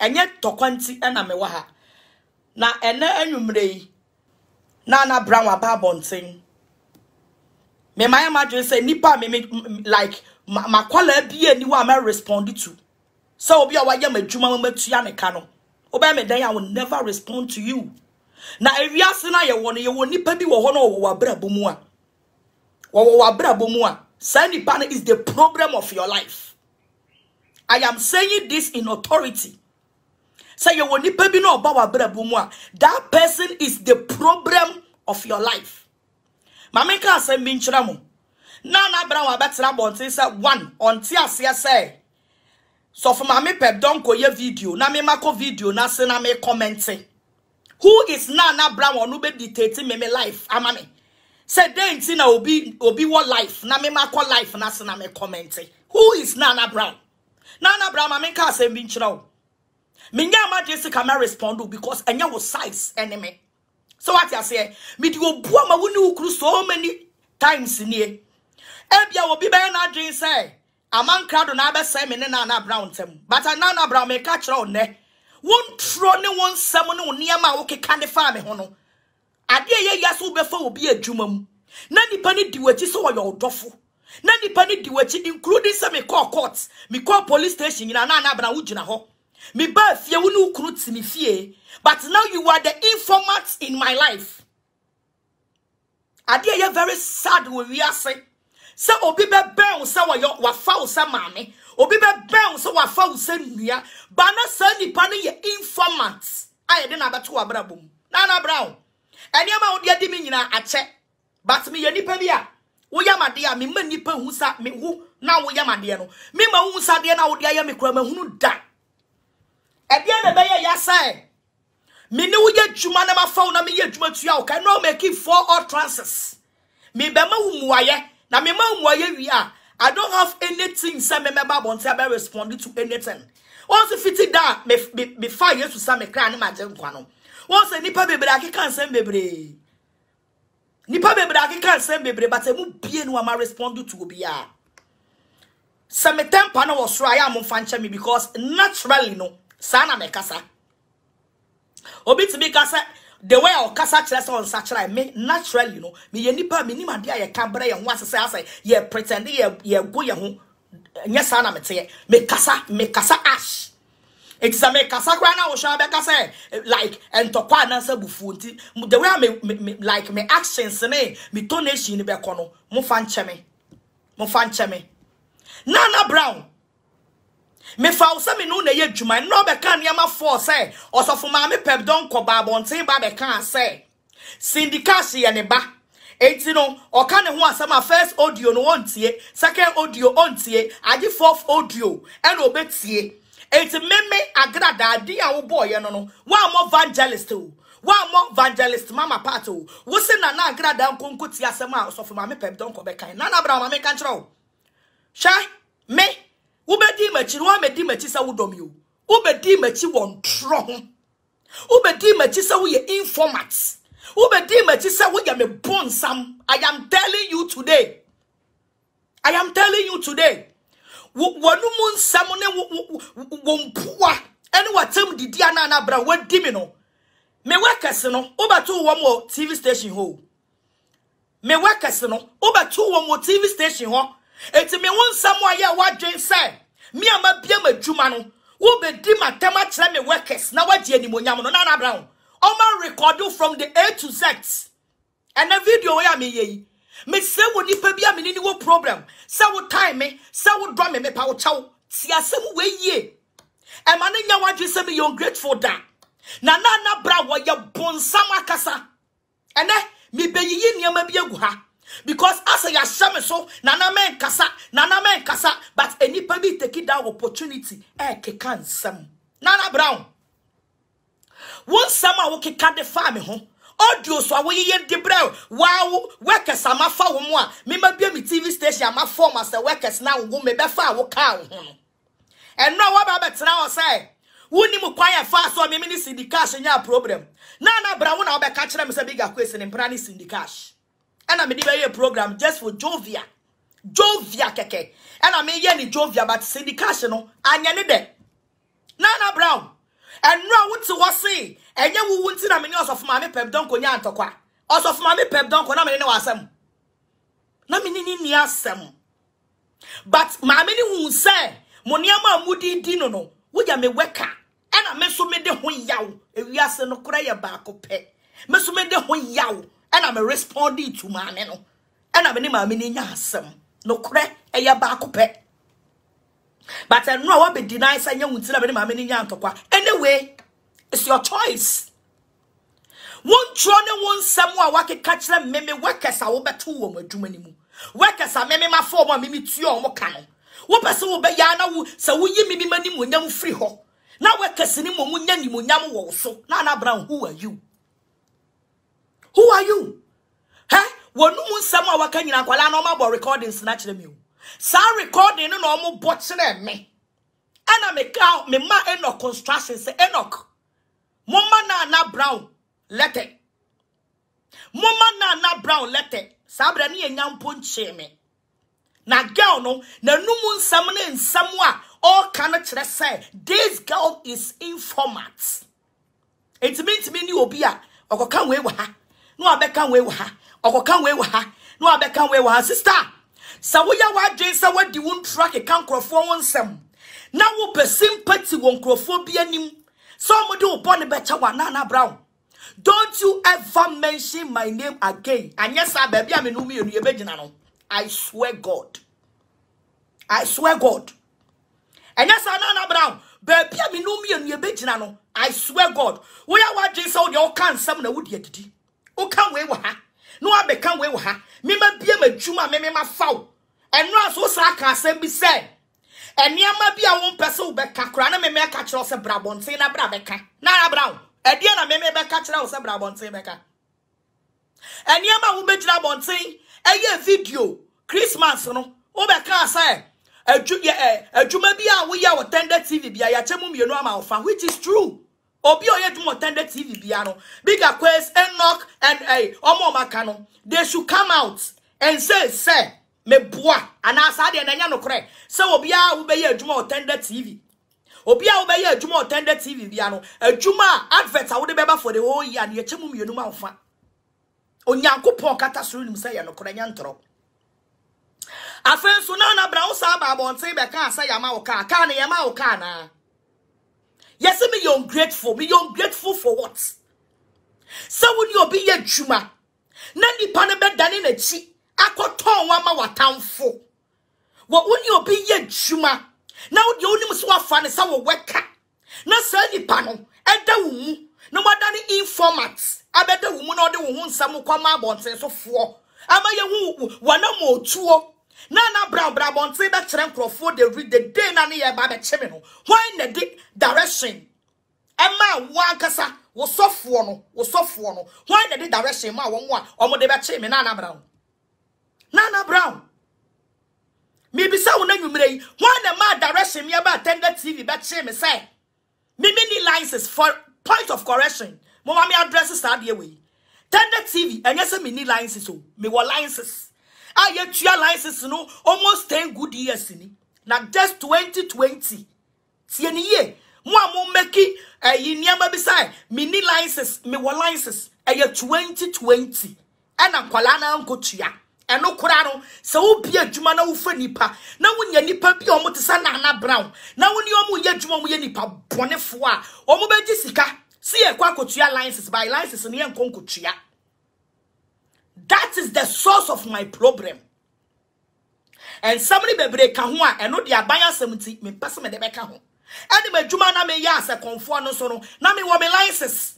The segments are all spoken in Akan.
enye tọkwanti na mewa ha na ene enwumre yi na na brown aba bonten me my imagine say nipa me like makwala bi ani wa me respond to so obi a waye madwuma matua ne ka no obe me dan i will never respond to you na ewiase na ye wo no ye wo nipa bi wo ho na wo wa brabo a wo wa brabo mu a say nipa is the problem of your life i am saying this in authority sɛ you will bi na ɔba w'abrabɔ mu a that person is the problem of your life maame ka asɛm bi nkyerɛ mo na n'abran wa bɛtena abɔnten sɛ one ɔnte aseɛ So sɔfo maame pɛ don ko ye video na mema kɔ video na se na me kɔmɛnte who is na n'abran wɔn no bɛ me me life ama me sɛ den ti na obi obi wɔ life na mema kɔ life na se na me kɔmɛnte who is Nana Brown? Nana Brown, maame ka asɛm bi nkyerɛ me nya ma dwese ka ma respond because enya wo size enemy so what you say me di obu ma wuni ni so many times nie ebia obi be na dwen say amankra do na be say me ne na na brown tem but na na brown me ka kire o ne won tro ne won sem ne wo niam a wo keka ne fa me ho no ade ye ya so be fa obi adwuma mu na nipa ne di wachi so wo yo dofo na nipa ne di wachi including say me call court me call police station ina na na brown wo gyina ho me ba fie wo ne kunu ti me fie but now you are the informant in my life ade ye very sad wo wi ase se obi be ben se wo yo wa fa wo se maame obi be ben se wa fa wo se nua ba na sa nipa ne ye informant aye de na abeto abrabom na na brown ene ma wo de adi me nyina ache but me ye nipa bi a wo yamade a me ma nipa hu sa me wo na wo yamade no me ma hu sa de na wo de aye me kura ma hunu da ɛdeɛ na ɛbɛyɛ yasae me ne woyɛ adwuma na mafa wo na meyɛ adwuma tua wo ka ɛna ɔmaki four utterances mebɛma wo mmuayɛ na mema wo mmuayɛ wie a i don't have anything sɛ memɛba abɔnte abɛ respond to anything wɔn sɛ fiti da me me me fa yesu sa me kra ne ma gye nkwa no wɔn sɛ nipa bebree akeka nsɛm bebree nipa bebree akeka nsɛm bebree bata mu bie no ama respond to obiara sɛ me tempa no wɔ soro a yɛ a mo nfa nkyɛn mi because naturally no saa na mekasa obi tumi kasa. the way a ɔkasa kyerɛ sɛ ɔnsa kyerɛ me naturally no meyɛ nipa a menim adeɛ a yɛka brɛ yɛn ho ase sɛ asɛ yɛ pretend yɛgo yɛn ho nyɛ saa na meteɛ mekasa mekasa ash eti sɛ mekasa koraa na wohyɛ bɛka sɛ like ntɔkwa anaasɛ bufuo nti the way a me, like me actions ne me tonation bɛkɔ no mofa nkyɛ me mofa nkyɛ me nana brown mefa wo sɛ me no na yɛ adwuma ɛno ɔbɛka nneɛma foɔ sɛ ɔsɔfo maame pɛp dɔn kɔ baabɔnten ba bɛkaa sɛ sindikaahye yɛ ne ba eti no ɔka ne ho asɛm a first audio no ɔntie second audio ɔntie agye fourth audio ɛna ɔbɛtie eti meme agradaa di a wobɔɔyɛ no no wɔamɔ vangelist o wɔamɔ vangelist mama part o wosi nana agradaa nkonko tie asɛm a ɔsɔfo maame pɛp dɔn kɔ bɛkan nana abraham maame kankyerɛw hyɛ me wobɛdi m'akyi no woamɛdi m'akyi sɛ wodɔm yi o wobɛdi m'akyi wɔ ntorɔ ho wobɛdi m'akyi sɛ woyɛ informat wobɛdi m'akyi sɛ woyɛ me bonsam i am telling you today i am telling you today wɔn mu nsɛm ne wɔn mpoa ne wɔtɛm didi anana abira wɔdi mi no mewɛ kɛse no wobɛto wɔn wɔ tv station hɔ mewɛ kɛse no wobɛto wɔn wɔ tv station hɔ eti me wo nsɛm a yɛ wadwen sɛ me a mabia m'adwuma no ma tema akyerɛ me workers na wagye animonyam no brown. O ɔma record from the a to z And a video wei a ye. Me mesrɛ wo nnipa bi a mene ne problem sɛ wo time me sɛ wodɔ me me mepa wo kyɛw tie asɛm weiyie ɛma ne nya wadwe me meyɛ grateful da na na na brown bra wɔyɛ bonsam akasa ɛnɛ mebɛyiyi nneɛma bi agu ha because as yɛahyɛ me so nana men kasa, nana men kasa. but any bi take that opportunity eh? Ke kan nsɛm nana brown wo nsɛm a wokeka de faa me ho audio so a woyeyɛ de brɛ waawo workers amafa wo mu a mema bia me tv station amafom asɛ workers na wo me bɛfa a wokaa wo And no ɛno a woaba bɛtena hɔ sɛ wonim kwan ɛfa so a meme ne syndicash nyɛ problem na na wo na wobɛka kyerɛ me sɛ biga kwesi ne mpra ne ɛna mede bɛyɛ program just for jovia jovia kɛkɛ ɛna meyɛ ne jovia but cindy cash no anyɛ ne dɛ nana brown ɛnura wote hɔ se ɛnyɛ wuwu nti na mene ɔsɔfo maame pɛm dɔnko nyɛ antɔkwa ɔsɔfo maame pɛm dɔnko na mene ne wasɛm na mene ne nni asɛm but maame ne hu sɛ mo nneɛma a modidi no no woyɛ me wɛka ɛna me so mede ho yaw ewiase no korɛ yɛ baako pɛ me so mede ho yaw ɛna me respondi to maame no ɛna me ne maame no nya asɛm nokorɛ ɛyɛ baako pɛ but ɛno a wabɛdi nan sɛ nyɛ wo nti na me ne maame no nya ntɔkwa anyway it's your choice wontwerɛ ne wo nsɛm a wakeka kyerɛ mmeme workers a wobɛto wɔ m adwuma no mu workers a mmeme mafa ɔm a memetua ɔmo ka no wopɛ sɛ wobɛyɛ a wo sɛ woyi mmeme ma nimonyam firi hɔ na workers ne mmom nya wɔ wo so na anabra who are you Who are you? Huh? Wonu mu nsɛm a waka nyina nkwala na ɔmabɔ recordings na kyerɛ me o. recording no na ɔmo bɔ kyerɛ me. Ɛna me ka me ma Enoch construction sɛ Enoch. Moma na na brown letter. Moma na na brown letter. Saa bra ne yɛ nyampo me. Na girl no n'anum nsɛm ne nsɛm a ɔka no kyerɛ this girl is informant. Ntumi ntumi ni obi a ɔkɔka wei wɔ ha. na wabɛka wei wɔ ha ɔkɔka wei wɔ ha na wabɛka wei wɔ ha sista sɛ woyɛ w'adwene sɛ wadi wo ntura keka nkurɔfoɔ wo nsɛm na wopɛ sympathy wɔ nkurɔfoɔ bi anim sɛ ɔmode wo bɔne bɛkyɛ wɔ anaa na bra don't you ever mention my name again anyɛ saa baabi a me no mmienu yɛbɛgyina no i swear god i swear god ɛnyɛ saa na na bra wo baabi a me no mmienu yɛbɛgyina no i swear god woyɛ w'adwene sɛ wode ɔka nsɛm na wode adidi woka wei wɔ ha na wabɛka wei wɔ ha mema bia ma adwuma a ma fa wo ɛno a so wosaa ka asɛm bi sɛ nneɛma bi a wompɛ sɛ wobɛka koraa na meme ka kyerɛ wo sɛ bra abɔnten na bra bɛka na arabra wo ɛdeɛ na meme bɛka kyerɛ wo sɛ bra abɔnten bɛka nneɛma a wobɛgyina abɔnten ɛyɛ video christmas no wobɛka sɛ adwuma bi a woyɛ wɔ tender tv bi a yɛakyɛ mu mmienu ama wofa which is true obi oyɛ dwuma ɔtɛnde tv bia no bigger quest enoch and ɛy ɔmo ɔmo aka no they should come out and say sɛ meboa anaasa adeɛ na no nokorɛ sɛ obiara wobɛyɛ adwuma ɔtɛnde tv obiara wobɛyɛ adwuma ɔtɛnde tv bia no adwuma e a advert a wode bɛba for the whole year no yɛkyɛ mu mmienu ma nfa onyankopɔn kata soro nim sɛ yɛ nokorɛ nyɛ ntorɔ afei nso na na bra wo saa baabɔnten bɛkaa sɛ yɛama wo kaa kaa no yɛma wo kaa naa yɛsɛ meyɛ ungrateful Me, meyɛ ungrateful for what sɛ wo ne obi yɛ adwuma na nipa no bɛdane n'akyi akɔtɔn wo ama w'atamfo wɔ wo ne obi yɛ adwuma na wodeɛ wonim sɛ woafa ne sɛ wɔwɛka na saa nnipa no ɛda wo mu na wɔadane informat abɛda wo mu na ɔde wo ho nsɛm kɔma abɔnten sofoɔ ama yɛhu wɔnam na na bra bra bonte be kyerɛ nkrɔfo de read the day na ne yɛ ba be kyeme no why na di direction Emma wo ankasa wo sɔfoɔ no wo sɔfoɔ no why na di direction ma wɔn a omo de be kyeme na na bra na na bra mebisa wo na nwumere yi why na ma direction me ba tender tv be kyeme say. me me ni license for point of correction mo ma me address saa deɛ wei tender tv enye sɛ me ni license o me wɔ license a yɛtua license no almost ten good years ni na just twenty twenty tie ne yie mo a mo mɛki ɛyi nneɛma bi sa mi ni license mi wɔ license ɛyɛ twenty twenty ɛna nkɔla na nkotua ɛno koraa no sɛ wobie adwuma na wofa nipa na wonya nipa bi a ɔmo te sɛ nana brown na wo ni ɔmo yɛ adwuma ɔmo yɛ nipa bɔnefoɔ a ɔmo bɛgye sika si yɛ kɔ akotua license by license ne yɛ nkɔ nkotua. That is the source of my problem. And somebody bebre ka ho a eno de abaya semti me pese me de beka ho. Ene madwuma na me ya asekonfo no so na me wo me license.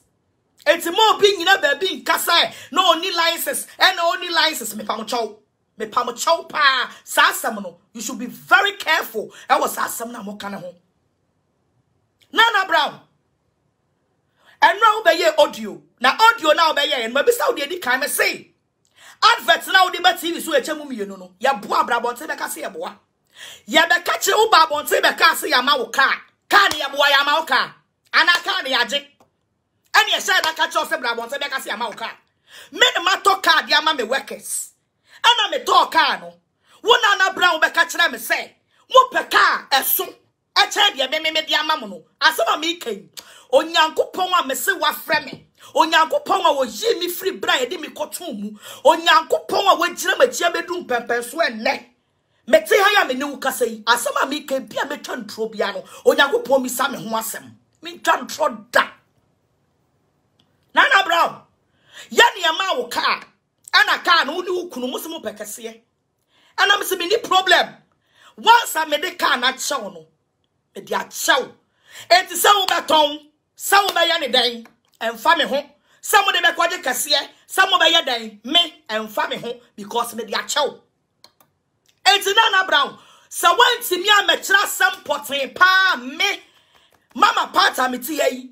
Enti mo bi nyina ba bi nkasa na oni license ene license me pamcho. Me pamcho pa sa you should be very careful. I was asem na mo kana ho. Nana Brown. Enra obeye audio. Na audio na ye en mabisa wo did di come and say advert na wode ba tv so eche mu mmienu no yɛboa abrabɔnte bɛka se yɛboa yɛbɛka kyerɛ wo baabɔnte bɛka se yɛama wo kaa kaa ne yɛboa yɛama wo kaa anaa ni ne yɛagye ɛne yɛhyɛ ɛda ka kyerɛ wo sɛ brabɔnte bɛka se yɛama wo kaa me ne matɔ kaa de ama me workers ɛna metɔɔ kaa no wo na na bra wo bɛka kyerɛ me sɛ mopɛ kaa ɛso ɛkyerɛ me me de ama mu no asɛm a meeka yi onyankopɔn a mese wafrɛ me onyankopɔn a wɔyi mi firi berɛ a yɛde me kɔtoo mu onyankopɔn a wɔagyina m'akyia bɛdu mpɛmpɛn so ɛnnɛ mete ha a mene wo kasa yi asɛm a meka bi a mɛtwa ntorɔ bia no onyankopɔn misa me ho asɛm mentwa ntorɔ da nana brown yɛ nneɛma a kaa ɛna kaa no wo ne kunu mo sɛ mo pɛkɛseɛ ɛna me sɛ menni problem once a mede kaa no akyɛw no mede akyɛw ɛnti sɛ wobɛtɔn sɛ wobɛyɛ ne dɛn ɛnfa me ho sɛ mo de bɛkɔgye kɛseɛ sɛ mo bɛyɛ dɛn me ɛnfa me ho because me de akyɛw eti na brown sɛ wɔntumi amɛkyerɛ asɛm pɔtee paa me mama paata me ti yɛ yi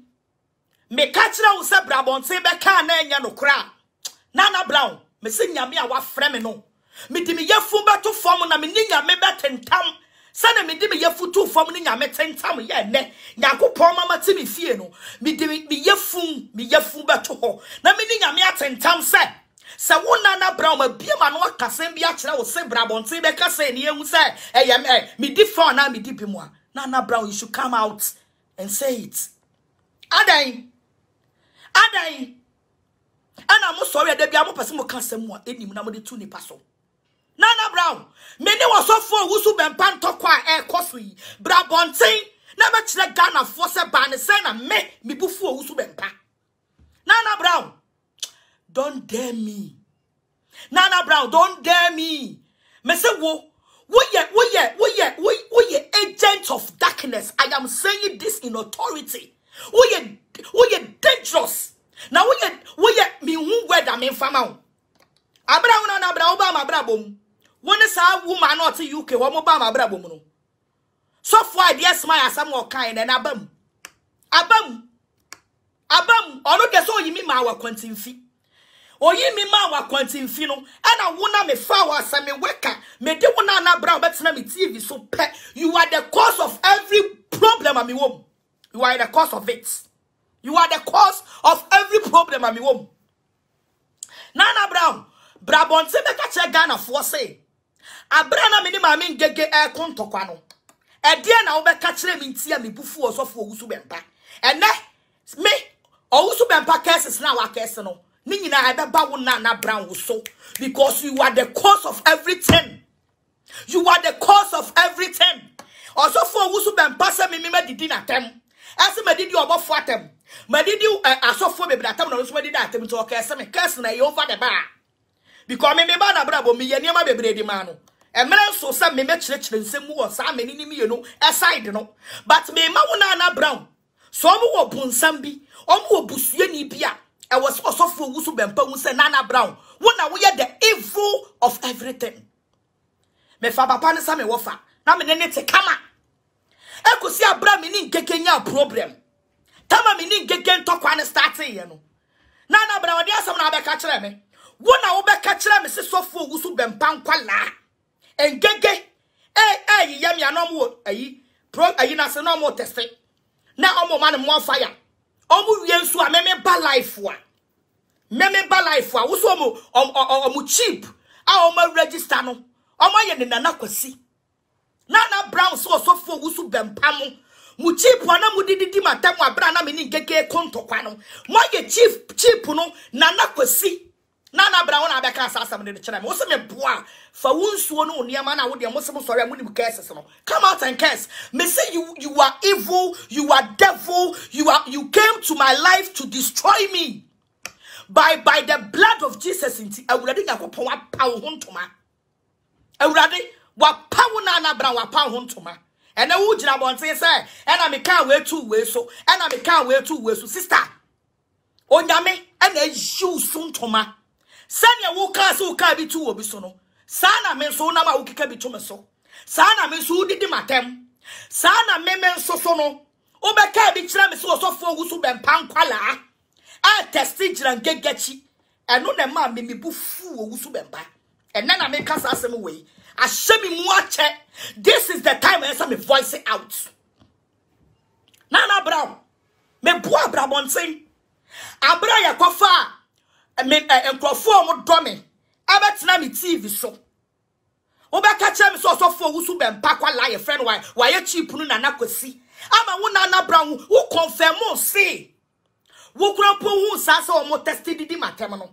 meka kyerɛ wo sɛ brabɔnten bɛkaa na ɛnyɛ nokora Na na brown mesi nyame a wafrɛ me no mede me yɛfu bɛto fam na mene nyame bɛtentam sɛde mede meyɛ futu fam ne nyame tentam yɛ ɛnɛ nyankopɔn mama te me fie no mede meyɛ fum meyɛ fum bɛto hɔ na mene nyame atentam sɛ sɛ wo nana bra ma biam ano akasɛm bi akyerɛ wo se bra bɔnten bɛka sɛ ne yɛhu sɛ ɛyɛ ɛ medi fa anaa medi bi mu a nana bra you should come out and say it adan adan ɛna mo sɔre ɛda bi a mo pɛ sɛ mo ka asɛm a ɛnim na mo de tu nipa so nana brown mene wɔ sɔfoɔ wusu bɛmpa to a air e so yi bra bɔnten na bɛkyerɛ ghanafoɔ sɛ baa ne sɛn na me mebu fuo wusu bɛmpa nana brown don't dare me nana brown don't dare me mese wo wo wo ye, ye, woyɛ woyɛ wo ye agent of darkness i am saying this in authority Wo ye, wo ye dangerous na wo ye, mihu wɛda mi nfama o fama. wo nana Brown, Obama, ba ma abira bom wone saa woman na ɔte uk wɔn mo ba ama abrabɔ mu no sɔfo a deɛ sima yɛ asɛm ɔkan na ɛna abam abam abam ɔno deɛ sɛ oyi mi ma awɔ kɔntinfi oyi mi ma awɔ kɔntinfi no ɛna wona mi fa awɔ asɛmi weka mi di wona na abra ɔbɛtena mi tv so pɛ you are the cause of every problem ami wɔm you are the cause of it you are the cause of every problem ami wɔm nana brown brabɔnten bɛka kyerɛ ghana foɔ sɛ abira na me ne maame ngege ɛko ntɔkwa no ɛdeɛ na wobɛka kyerɛ me nti a mebufu ɔsɔfo ɔwusu bɛmpa ɛnɛ me ɔwusu bɛmpa kɛses na wakɛse no ne nyinaa ɛbɛba wo na na brown wo so because you are the cause of everything you are the cause of everything ɔsɔfo ɔwusu bɛmpa sɛ mimi ma didi n'atɛm ɛsɛ ma didi ɔbɔfo atɛm ma didi ɛ asɔfo bebree atɛm na ɔno nso ma didi atɛm nti ɔkɛse me kɛse na ɛyɛ over the bar because mimi ba na abirabɔ mi yɛ nneɛma bebree di maa no emere nso sɛ meme kyerɛkyerɛ nsɛm mu wɔ saa mene ne mmienu ɛside no but mema wo naana brown sɛ ɔmo wɔ bonsam bi ɔmo wɔ busuani bi a ɛwɔ e sɛ ɔsɔfoɔ wu so bɛmpa wu sɛ nana brown wo na woyɛ the evil of everything mefa papa no sa mewɔ fa na mene ne te kama ɛkɔsi e abra mene nkeke nya problem tama mene nkeke ntɔkwa ne starteeɛ no nana brown ɔde asɛm na wobɛka kyerɛ me wo na wobɛka kyerɛ me se sɔfoɔ wu so bɛmpa nkwalaa engege eh eh yam ya no eyi eh, ayi pro ayi eh, na se no mo test na omo ma ne mo fire omo wie nso a mmemme ba life wa meme ba life wa wo so mo omo a ọmụ register nọ ọmụ ye ne nana kwasi nana brown so so fo wo so bempa mo mu chief mụ mu dididi matam abra na me ni ngeke kontokwa no mo ye chief chief no nana kwasi nana bra wona abɛka saa asɛm no kyerɛ me wo sɛ meboa a fa wo nsuo no wo nneɛma no a wodeɛ mosem sɔre a monim curses no come out and curse me say you, you are evil you are devil you, are, you came to my life to destroy me by, by the blood of jesus nti awurade nyankopɔn wapa wo ho ntoma awurade wapa wo nana bra wapa wo ho ntoma ɛnɛ wogyina abɔnten sɛ ɛna mekaa weatu wei so ɛna mekaa weatu wei so sister onyame ɛna ayi wo so ntoma sɛnea wokaa sɛ wokaa bi tu wɔ bi so no saa na me nso wonam a wokeka bi to so saa na me nso wodidi matɛm saa na me nso so no wobɛkaa bi kyerɛ me sɛ ɔsɔfoɔ wo so bɛmpa nkwalaa ɛtɛste gyina nkegakyi ɛno na ɛma me mebu fuu wɔ wo so bɛmpa ɛnɛ na meka saa asɛm wei ahyɛ me mu akyɛ this is the time ɛsɛ me voice out nana abraham meboa abrabɔnten abraham yɛkɔfa a mean eh, nkurɔfoɔ a wɔdɔ me ɛbɛtena me tv so wobɛka kyerɛ me sɛ ɔsɔfoɔ wo so bɛmpa kwala yɛ frɛ no wayɛ cheap no nana kɔsi ama wo nana bra wo wo kɔnfɛmo se wo kura mpo hu saa sɛ ɔmo tɛste didi matɛm no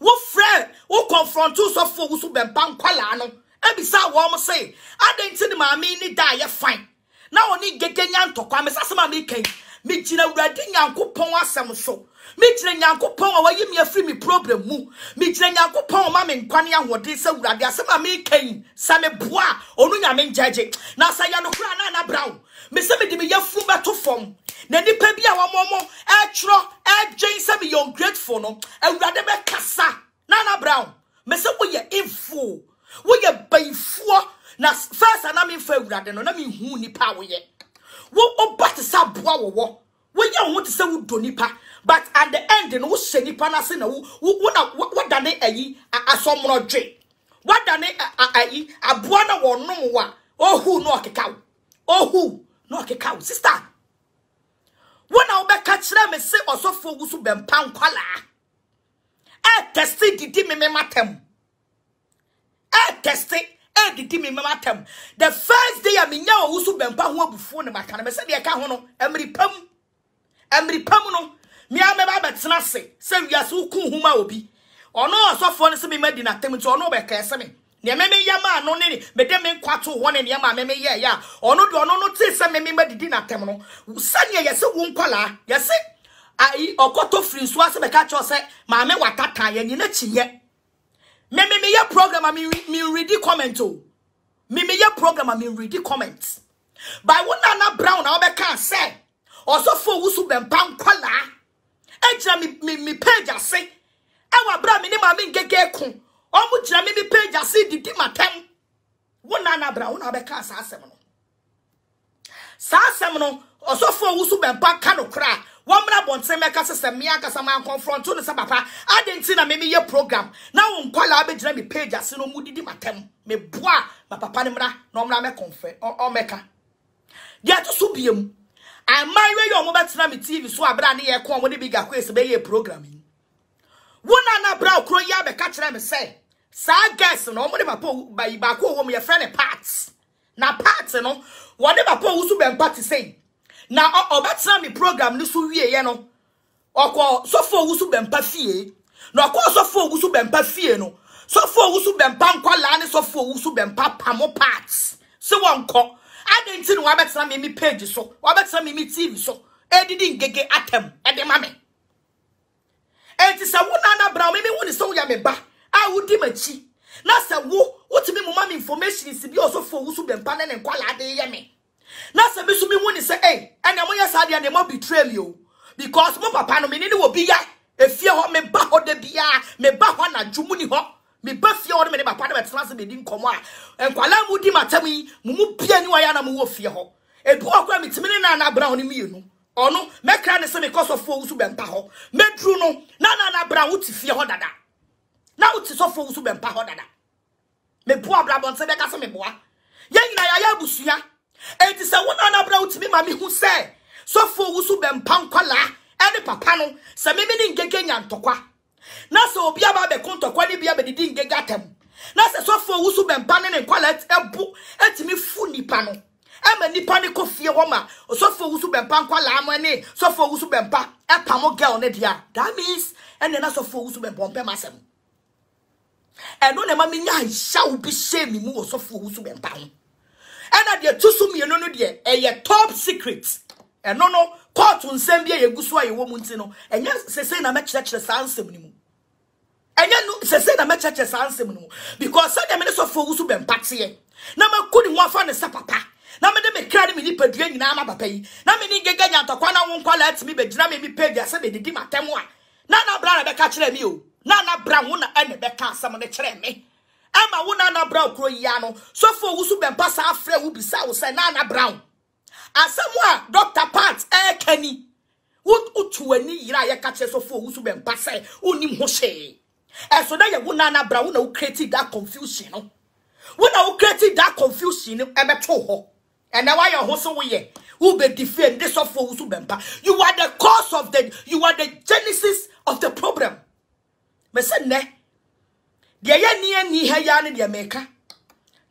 wo frɛ wo kɔnfrɔnto sɔfoɔ be so bɛmpa nkwalaa no ebisa wɔn se adɛn ti ni maame ni die. Fine. fain na wɔn ni gege nya ntɔkwa mɛ sasɛ maame kɛn megyina awurade nyankopɔn asɛm so megyina nyankopɔn a wayi me afiri me problem mu megyina nyankopɔn ɔma me nkwa ne ahoɔden sɛ awurade asɛm a mereka yi sɛ meboa a ɔno nyame ngyagye na sɛ yɛ na anabra wo me sɛ mede meyɛfunu bɛto fam na nnipa bi a wɔmɔmɔ ɛtwerɛ ɛdwen e sɛ meyɛ ungrateful no awurade e bɛkasa na anabra wo me sɛ woyɛ info woyɛ bayifoɔ na first na memfa awurade no na mehu nnipa a woyɛ wo oba te sa boa wo wo wo ye wo te se wo do nipa but at the end no wo hye nipa na se na wo wo na wo da ne ayi asomro dwe wo da ne ayi aboa na wo nom wa ohu no okeka wo ohu no okeka wo sister wo na wo be ka kire me se osofo gu so bempa nkwala e testi didi me me matem e testi edidi mi mama tem the first day me nya wo so bempa ho abufuo ne maka na me se de ho no emri pam emri pam no me a me ba betena se se wiase wo kun huma obi ono osofo ne se ma di na tem nti ono be ka se me ne me me ya ma no ne me de me kwato ho ne ne ma me me ye ya ono de ono no te se me me madidi na tem no se ne se wo nkwala ye se ai okoto firi so ase be ka cho se ma me watata ye ni na chiye me me me ye program a oh. me me ready comment o me me ye program a me ready comment by one na brown a obeka say also for ben bempa nkwala egira me me me page ase e eh, wa bra me ne ma me ngege ko omu oh, gira me me page ase di matem one nana brown na obeka sa asem no sa asem no also for wusu bempa ka no One wɔn mmerɛ abɔnten mɛka sɛ sɛ mmea akasa confront nkɔnfrɔnto ne sɛ papa didn't see na mɛmi your program na wɔn nkɔla abɛgyina mi page ase na wɔn didi matam mɛ bua ma papa ne mmerɛ na wɔn mmerɛ mɛkɔnfɛ ɔmɛka deɛ ɛto to bie mu my way. Your mobile, bɛtena mi tv so abira ne yɛ kɔn wɔn de bi ga kɔɛ sɛ bɛyɛ program yi wɔn a na abira okuro yi abɛka kyerɛ mi guess saa gɛs na wɔn de baako baako wɔ mu yɛfrɛ ne parts Now parts no wɔn de baako wusu bɛn party sɛn na ɔbɛtena mi program ni so wieɛ no ɔkɔ sɔfo owu so bɛmpa fie na ɔkɔ sɔfo owu so bɛmpa fie no sɔfo owu so bɛmpa nkɔlaa ne sɔfo owu so bɛmpa pamo parts sɛ wɔnkɔ adɛn nti na wabɛtena mi page so wabɛtena mi tv so edidi ngege atam ɛde ma me eti sɛ wo nana brown mi mi wu ni sɛ woyɛ me ba a wodi m'akyi na sɛ wo wotumi moma me information si bi ɔsɔfo owu so bɛmpa ne ne nkɔlaa de yɛ me na sɛ bi so mi hu ni sɛ ɛy ɛna mo yɛ saa deɛ na mo betray mi o because mo papa no mi ni ni wo bi ya efie hɔ mi ba hɔ de bia mi ba hɔ na dwom ni hɔ mi ba fie hɔ ne mi ne papa no bɛ tena se mi di nkɔmɔ a nkwalaa mu di ma tɛm yi mo mu bia ni wa ya na mo wɔ fie hɔ edu ɔkura mi tìmi ne nan na abira hɔ ne mienu ɔno mɛkra ne sɛ mi kɔsɔfoɔ wusu bɛ mpa hɔ mɛduru no na nan na abira hɔ ti fie hɔ dada na wote sɔfoɔ wusu bɛ mpa hɔ dada meboa abrabɔnsɛ bɛka sɛ meboa yɛn nyina yɛayɛ abusua enti sɛ wo nana bra wotumi ma me hu sɛ sɔfoɔ wo so bɛmpa nkɔlaa ɛne papa no sɛ meme ne nkeke nya na se obi aba abɛko ntɔkwa ne bi abɛdidi nkeke atam na se sofo wo so bɛmpa ne ne nkɔlaa ɛbu ɛtumi fu nipa no ɛma nipa ne kɔ fie hɔ ma sɔfoɔ wo so bɛmpa nkɔlaa mo ne sɔfoɔ wo so bɛmpa ɛpamo girl ne deɛ that means ɛne na sofo wo so bɛmpa ɔmpɛ ma sɛm ɛno na me nya ahyehyɛ wo bi mi mu wɔ sɔfoɔ wo so bɛmpa ho ɛna deɛ tu so mmienu no deɛ ɛyɛ top secret ɛno no court nsɛm bi a yɛgu so a yɛwɔ mu nti no ɛnyɛ sese na mɛkyerɛkyerɛ saa nsɛm no mu ɛnyɛ no sese na mɛkyerɛkyerɛ saa nsɛm no mu because sɛdeɛ mene sɔfoɔ wu so bɛ mpateɛ na mako ne ho afa ne sɛ papa na mede me kra ne me nipadua nyinaa ma papa yi na mene gega nyantakwa na wo nkwala atumi bɛgyina me mi page a sɛ mededi matɛm a na na bra na bɛka kyerɛ me o na na bra wo na ɛne bɛka asɛm no kyerɛ me ɛma wo nana brown kuro yia no sɔfo wo so bɛmpa saa frɛ wo bisa wo sɛ nana brown asɛm a dɔkta pat ɛɛka ni wotu w'ani yira a yɛka kyerɛ sɔfo wo so bɛmpa sɛ wonim ho hyee ɛso na yɛ wo nana brown wo na wo create that confusion no wo na wo create that confusion no ɛbɛto hɔ ɛnɛ wayɛ ho so woyɛ wobɛdefend de sɔfo wo so bɛmpa you are the cause of the you are the genesis of the problem mɛ sɛ nnɛ deɛ yɛ nneɛ ni ha yaa ne deɛ mɛka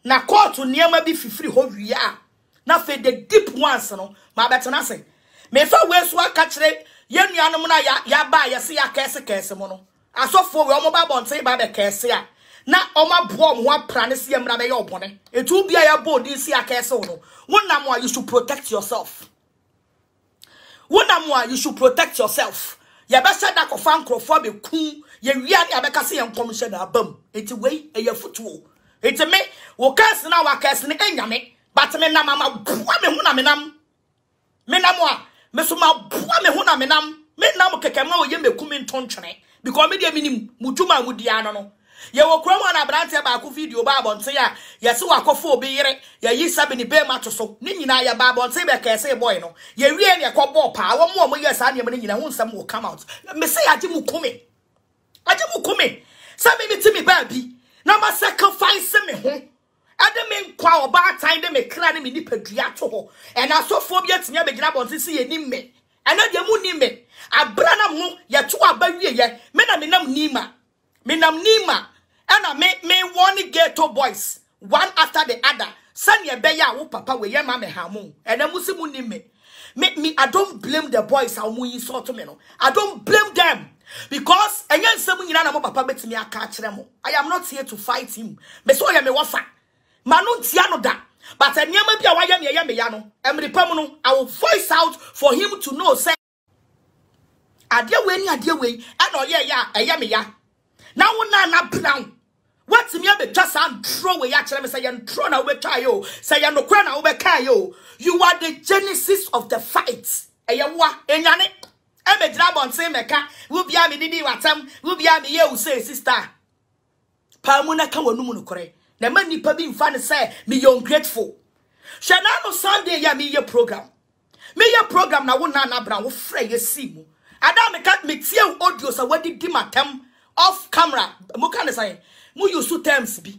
na kóòtù nneɛma bi fifiri hɔ wie a na afei the deep ones no maa bɛtena ase mmefa wee so aka kyerɛ yɛn nuanom na yaba yɛsi ya akɛse kɛse mu no asɔfoɔ wei wɔn ba abɔnten ba bɛ kɛse a na wɔn aboa wɔn ho apra ne si mmerɛ bɛyɛ ɔbɔne etu bi a yɛbɔ odi si akɛse wɔn no wɔn nam a you should protect yourself wɔn nam a you should protect yourself yɛbɛhyɛ da kɔfa nkorɔfoɔ bɛ kun ye wia ne abeka se ye nkɔmhyɛ na abam enti wei ɛyɛ e fotuo enti me wo kɛse na wa kɛse ne enyame but me nam ama bua me ho na me nam me nam a me so ma bua me ho na me nam me nam keke ma oyɛ me kumi ntontwene because me deɛ minim mu dwuma no no ye wo kura mu na abrante ba ko video ba abonte a ye se wakofo obi yere ye yi sabe ni be mato so ne nyina ye ba abonte be kese boy no ye wie ne ko bo pa wo mo mo ye sa ne me nyina ho nsam wo come out me se ya ji mu kumi agye mu kumi sɛ mi mi ti mi baabi na ma sacrifice mi ho ɛde mi nkwa ɔbaatan de mi kra ne mi nipadua to hɔ ɛna asɔfoɔ bi atumi abɛgyina abɔnten si yɛ ni mɛ ɛna deɛ mu ni mɛ abira na mu yɛto aba wie yɛ mi na mi nam niima mi nam niima ɛna mi mi wɔne ghetto boys one after the other sɛnea ɛbɛyɛ a wo papa wɔ yɛ ma mi ha mu ɛna mu si mu ni mɛ me me i don't blame the boys a wɔn yi sɔɔto mi no i don't blame them because enye nsɛm nyina na mo papa betimi aka akyerɛ mo i am not here to fight him me so ya me wofa ma no ntia no da but enyema bi a wayɛ me yɛ me ya no emrepam no i will voice out for him to know say adeɛ wei ni adeɛ wei ɛna ɔyɛ ya ɛyɛ me ya na wo na na brown watimi abɛtwa saa ntoro wei akyerɛ me sɛ yɛ ntoro na wobɛtwa yɛ o sɛ yɛ nokora na wobɛkaa yɛ o you are the genesis of the fight ɛyɛ woa ɛnyane ɛmɛgyina abɔnten mɛka wubia mi didi watam wubia mi yɛ wusɛ sista paamu na ka wɔnum nokorɛ na ma nipa bi nfa ne sɛ mi yɛ ungrateful hwɛ n'ano sunday yɛ mi yɛ program mi yɛ program na wo nana abira wo frɛ yɛ si mu ada mi ka mi tie audio sɛ wadi di ma tam off camera mo ka ne sɛ mo use terms bi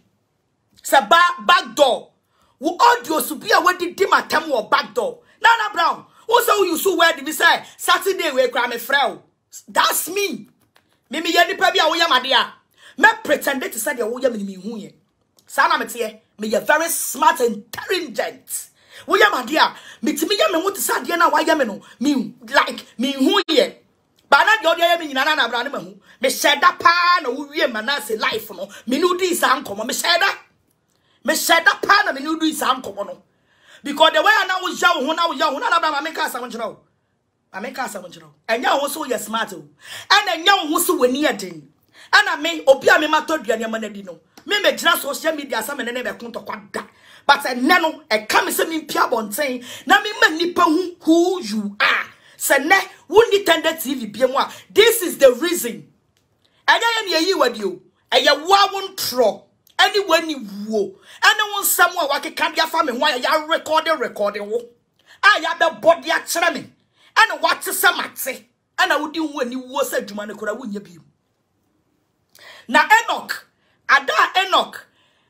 sɛ ba back door wo audio so bi a wɔde di ma tam wɔ back door nana brown wo sɛ woyi so word bi sɛ saturday we cry me frail. that's me memeyɛ nipa bi a woyɛ made a mɛ pretend te sɛ deɛ woyɛ mene mehuyɛ saa na meteɛ meyɛ very smart and intelligent woyɛ made a metumi yɛ me ho te sɛ adeɛ no a me no me like mehuyɛ bana deɛ ɔde ayɛ me nyinaa na nabra ne mahu mehyɛ da paa na wowie ma na ase oh, life no me nudi isa hankomo me sheda me sheda pa na me nudi isa hankomo no because the way I now was young, when I was young, when I was making us, I want you know. I make us, I want you know. And now also you're smart, and then now also we're near thing. And I may obia me matod ya nyamane di no. Me me jina social media some me nene me kunto kwa da. But I nano, I come se me pia bontain. Now, me me nipa who you are. Se ne, wundi tende TV Be mwa. This is the reason. And Anya yen ye yi wadi yo. Aya wawon tro anywhere ni wo ɛne wo nsɛm a wakeka de afa me ho ayɛ ya rekɔde rekɔde wo a yabɛ bɔde akyerɛ me ɛne wate sɛ mate ɛna wodi wo ani wo sɛ adwuma no koraa wonyɛ bio na enok ada enok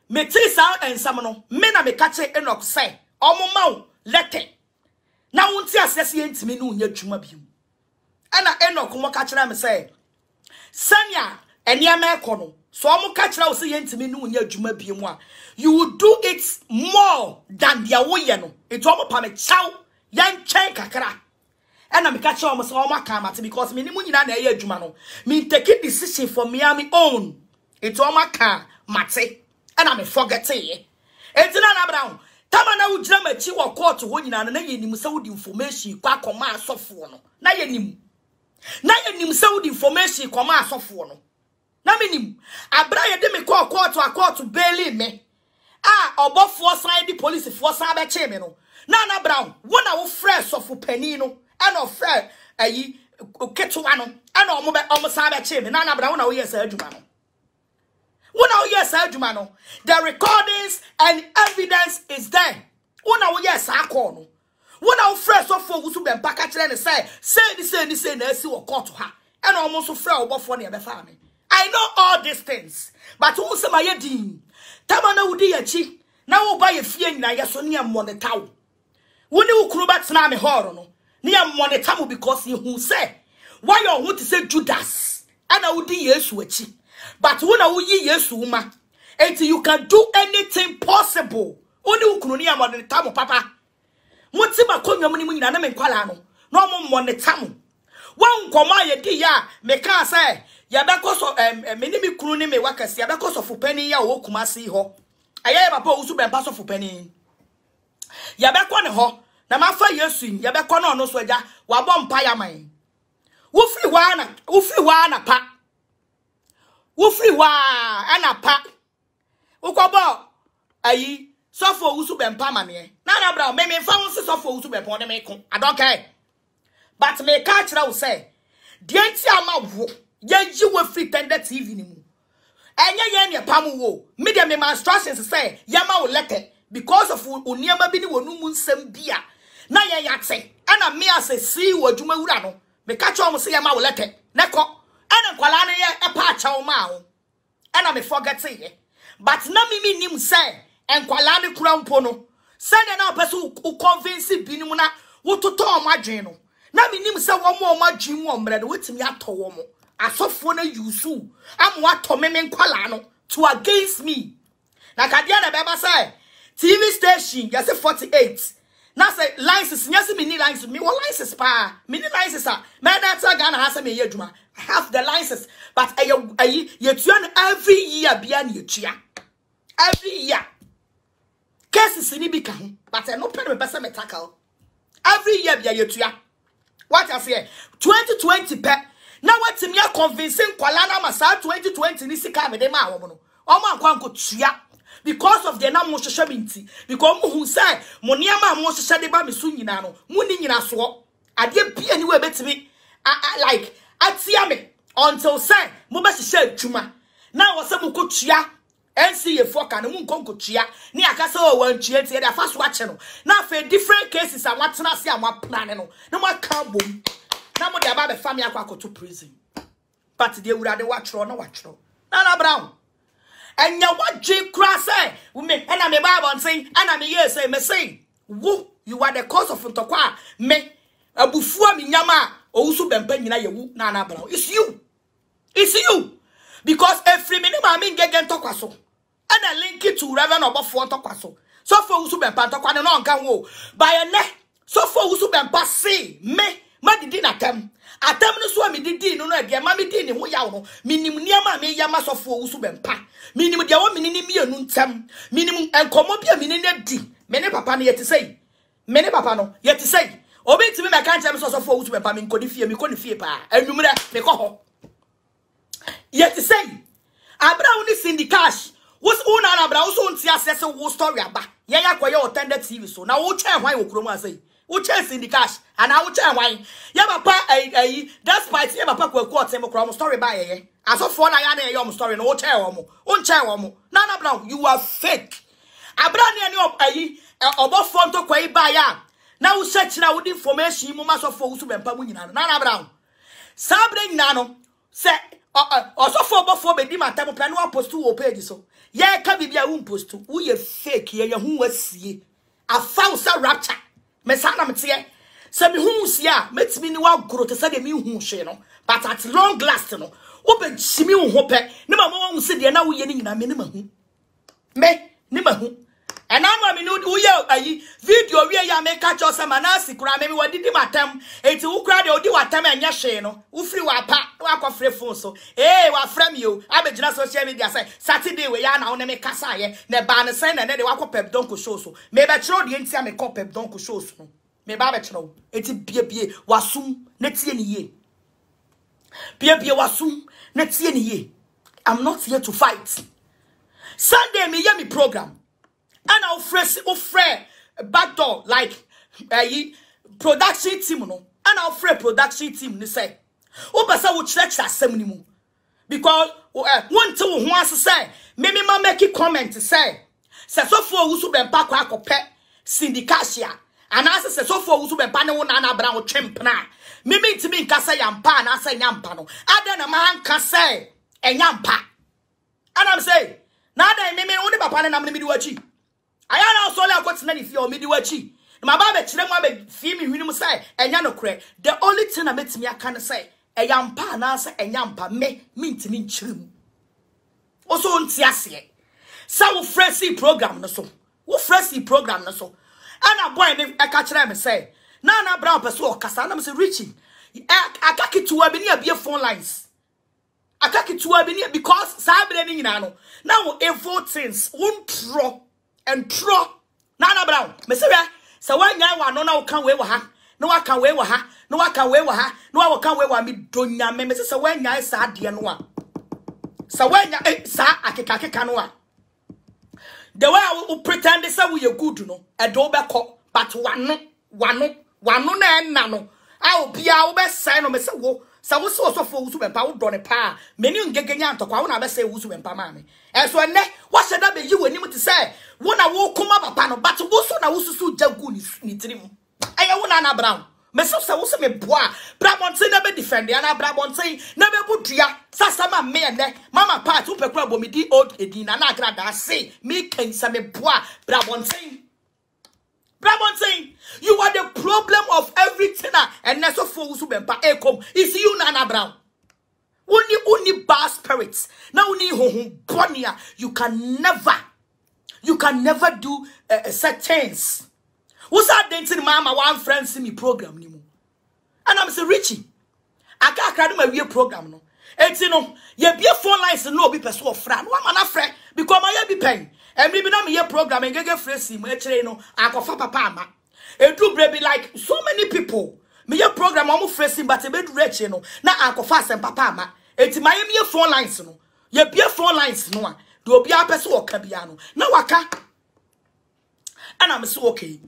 mete saa nsɛm no me na meka kyerɛ enok sɛ ɔmoma wo lɛtɛ na wonte aseɛ sɛ yɛntimi ne wonyɛ adwuma bio ɛna enok wɔka kyerɛ me sɛ sɛnea ɛnneɛma ɛkɔ no so ɔmo ka kyerɛ wo sɛ yɛntumi ne wonyɛ adwuma bie mu you do it more than the woyɛ no nti ɔmo pa me kyɛw yɛnkyɛn kakra ɛna meka kyerɛ ɔmo sɛ ɔmo aka amate because me ne mu nyinaa na ɛyɛ adwuma no me take decision for me ami own nti ɔmo aka mate ɛna me forget yɛ nti na anabra ho tama na wogyina m'akyi wɔ court hɔ nyinaa no na yɛnim sɛ wode information kɔ akɔma asɔfoɔ no na yɛnim na yɛnim sɛ wode information kɔma asɔfoɔ no na menim abra yɛde me kɔɔ kɔɔto akɔɔto beeli me a ɔbɔfoɔ san de polisifoɔ san bɛkyee me no nana brown wo na wofrɛ sɔfo panin no ɛna ɔfrɛ ayi ketewa no ɛna ɔmo bɛ ɔmo san bɛkyee me nana brown wo na woyɛ saa adwuma no wo na woyɛ saa adwuma no the recordings and evidence is there wo na woyɛ saa kɔɔ no wo na wofrɛ sɔfo ogu so bɛmpa ka kyerɛ ne sɛ sei ne sei ne sei na asi wɔ kɔɔto ha ɛna ɔmo nso frɛ ɔbɔfoɔ ne yɛbɛfa me I know all these things. But who say my din? Tama na wudi yachi. Na wo ba ye fie nyina ye so ne moneta wo. Wo ne wo kuro ba tena me horo no. Ne moneta mo because ye hu say. Why you want to say Judas? Ana wudi Yesu achi. But wo na wo yi Yesu ma. Until you can do anything possible. Wo ne wo kuro ne moneta mo papa. Mo ti ma konwa mo ne mo nyina na me kwala no. Na mo moneta mo. Wo nkoma ye di ya me ka say yɛbɛkɔ sɔ ɛm ɛm ne mi kunu ne mi wa kɛse yɛbɛkɔ sɔfo panyin a ɔwɔ kumasi hɔ ɛyɛ yɛ papa owusu bɛnpa sɔfo panyin yɛbɛkɔ ne hɔ na ma fa yesu yi yɛbɛkɔ na ɔno so agya wabɔ mpa yaman wofiri hɔ ana wofiri hɔ ana pa wofiri hɔ a ɛna pa wokɔbɔ ayi sɔfo owusu bɛnpa amaneɛ nana abira mɛmi nfa ho si sɔfo owusu bɛnpa ɔde mi ko adɔkɛ but mi ka kyerɛ wo sɛ deɛ nti ama wo yɛyi wɔ firi tɛndɛ tv ne mu ɛnyɛ yɛn neɛ pam wo me deɛ mema instructions sɛ yɛma wo lɛtɛ because of wo nneɛma bi ne wɔ no mu nsɛm bi a na yɛn yɛate ɛna me as asɛ sii wɔ e adwuma wura no meka kyerɛ wɔn sɛ yɛma wo lɛtɛ ne kɔ ɛna nkwadaa no yɛ ɛpa akyɛw maa ho ɛna me forgɛte yɛ but na mimi nim sɛ nkwadaa no kura mpo no sɛdeɛ na wɔpɛ sɛ wo convince binom na wototɔ wɔn adwene no na minim sɛ wɔn a wɔn adwene mu wɔ mmerɛ no wotumi atɔ wɔn. asɔfoɔ no yusu ama watɔ me me nkwalaa no to against me na kadeɛ na bɛba sɛ tv station yɛse 48 na say license nyɛ sɛ menni license mewɔ license paa menni license a mɛda tɛ ghana ha sɛ meyɛ adwuma half the license but ɛyɛ ayi yɛtua no every year bia na yɛtua every year cases ni bi ka ho but ɛno pɛ no mepɛ me tackle. every year bia What I say? 2020 pɛ na watumi akɔnvinsi nkɔla na ama saa 2020 twenty ni sika mi de ma wɔn no wɔn akɔ ankotua because of deɛ na mo hyehyɛ mi nti because mo hu sɛ mo nneɛma a mo hyehyɛ de ba mi so nyinaa no mo ni nyina soɔ adeɛ bia ni wo ebetumi like atia mi until sɛ mo bɛ hyehyɛ adwuma na wɔ sɛ mo ko tua nca fo ka no mu nkɔ nkotua ne akasa wɔ wantua nti yɛde afa so akyɛ no na afei different cases a moatena ase a moapena ne no na moaka bom na mo de aba bɛfa me akɔ akɔto prison but deɛ awurade watwerɛ na watwerɛ nana brown ɛnyɛ wagye kura sɛ me ɛna me ba abɔnten ɛna me yie sɛ me sei wo you are the cause of ntɔkwa me abufuo a me nyama a owu so bɛmpa nyina yɛ wu nana brown it's you it's you because efiri mi ne maame ngege ntɔkwa so link it to reverend ɔbɔfoɔ ntɔkwa so sɔfo owu so bɛmpa ntɔkwa no na ɔnka ho o bayɛ So for owu so bɛmpa see me. Ma na n'atam atam no so a medidi no no deɛ ma medi ne ho yaw no menim nneɛma a meyɛ masɔfoɔ wo so bɛmpa menim deɛ wɔ mene ne mmienu ntam menim nkɔmmɔ bi a mene no adi me ne papa no yɛte sɛi me ne papa no yɛte sɛi obi ntumi mɛka nkyerɛ me sɛ ɔsɔfoɔ wo so bɛmpa menkɔ ne fie mekɔ ne fie paa anwummerɛ mekɔ hɔ yɛte sɛi abra wo ne cindy cash wo na na abra wo so nti aseɛ sɛ wo story aba yɛn akɔyɛ ɔtɛndɛ tv so na wo kyɛn hwan wɔ kurom asɛi wo kyɛn cash And ana awotwe awan yɛ papa ayi ayi despite yɛ papa kwaku ɔte mo kora mo story ba yɛ eh, yɛ eh. asɔfoɔ na yɛ ana yɛ yɛ ɔmo story no wokyɛ wɔn mo wonkyɛ wɔn mo na brown you are fake abrane ne ayi ɔbɔfoɔ ntɔkwa yi ba yɛ eh, a na wohyɛ search a wode information yi mo ma sɔfoɔ wusu bɛmpa mu nyinaa na nana brown saa abere nyinaa no sɛ ɔsɔfoɔ ɔbɔfoɔ bɛdi ma tam pɛ ne wapost wɔ page so yɛka biribi a wompost woyɛ fake yɛyɛ ho wasie afa wo sɛ rapture mesaa na meteɛ sɛ mehu sie a mɛtumi wa guru te sɛdeɛ mehu hwee no but at long last no wobɛkyimi wo ho pɛ ne ma ma wahu sɛ deɛ na woyɛ no nyinaa me ni mahu me ne mahu ɛna ama me ne woyɛ ayi video wie yɛ a meka kyɛw sɛ manase koraa meme wɔdedi matam enti wo koraa deɛ wodi watam ɛnyɛ hwee no wofiri wapa na woakɔfrɛ fon so ee wafrɛ me o abɛgyina social media say saturday wei a na wo ne me kasaeɛ na ɛbaa ne sɛn na ɛnɛ de woakɔ pep donko show so mebɛkyerɛ wo deɛ ntia mekɔ pep donko show so me ba be kyerɛw eti biebie wasum ne tie ne yie biebie wasum ne tie ne yie i'm not here to fight sunday me yɛ me program ɛna ofre ofre back door like ɛyi eh, production team no ɛna ofre production team ne sɛ wopɛ sɛ wokyerɛkyerɛ asɛm ni mu because wonte eh, wo ho say me me ma mɛki comment sɛ sɛ sɔfoɔ wo so bɛmpa kɔ akɔpɛ sindikasia anaasɛ sɛ sɔfo owusu bɛ ba ne wo nana abira wo twe mpena mimi ntumi nkasa yampa anaasɛ nyampa no adan na maa nkasa ɛnyampa anam sɛ n'adan mimi wo ne papa ne nam ne mi di w'akyi ayɛ na ɔsɔle akɔtena ne fie a ɔmi di w'akyi na maa ba abɛkyerɛ mu abɛfie mi hwene mu sɛ ɛnya no korɛ the only thing na mɛtumi aka ne sɛ ɛyampa anaasɛ ɛnyampa me mi ntumi nkyerɛ mu ɔsɔ nti aseɛ sɛ wo frɛ si program no so wo frɛ si program no so ɛna boy ne ɛka eh, kyerɛ me sɛ nana brown pɛ so ɔkasa nam sɛ richie eh, aka ketewa bi ne abie phone lines aka ketewa bi ne because saa berɛ no nyinaa no na wo evil and wontrɔ ɛntrɔ nana brown mesɛ wɛ sɛ woanyae wɔ ano na woka wei wɔ ha na waka wei wɔ ha na waka we wɔ ha na waka wei wɔ ha medɔ nyame mesɛ sɛ woanyae saa adeɛ no a sɛ woanya eh, saa akekakeka no a the way I will pretend they say we are good, no, a dobe cop, but one, one, one, and nano. I will be our best sign of Mr. Wo. So I was also for who's when power drawn a pa. Many on getting out of our say who's when Pamami. And so I ne, what should I be you and him to say? when I will come up upon, but also now who's so jagoon is in the dream. I own Anna Brown. Me mesu sɛ wo sɛ meboa a brabɔnten na bɛdifɛnde anaa brabɔnten na bɛbu dua sasam a meɛ nɛ mama part wopɛkura bɔ medi old edin na anaagra daase mekan sɛ meboa a brabɔnten brabɔnten you are the problem of everything And ɛnɛ so fo wo so pa ekom is you na na anabraw Only, only bad spirits na only honhom bɔne a you can never you can never do uh, certain things wosa adenti ne maama one friend si mi program ni mu ɛna mi sɛ richie aka akra no ma wie program no eti no yɛbie phone lines no obi pɛ so ɔfra no wama na frɛ because ɔma yɛ bi pɛn ɛmiri bi na mi yɛ program ngege frɛ si mu ekyire no akɔfa papa ama edu bere bi like so many people mi yɛ program ɔmo frɛ si mu but ebe duru ekyire no na akɔfa asɛm papa ama eti ma yɛ mi yɛ phone lines no yɛbie phone lines no a de obi apɛ so ɔka bia no na waka ɛna mi sɛ okay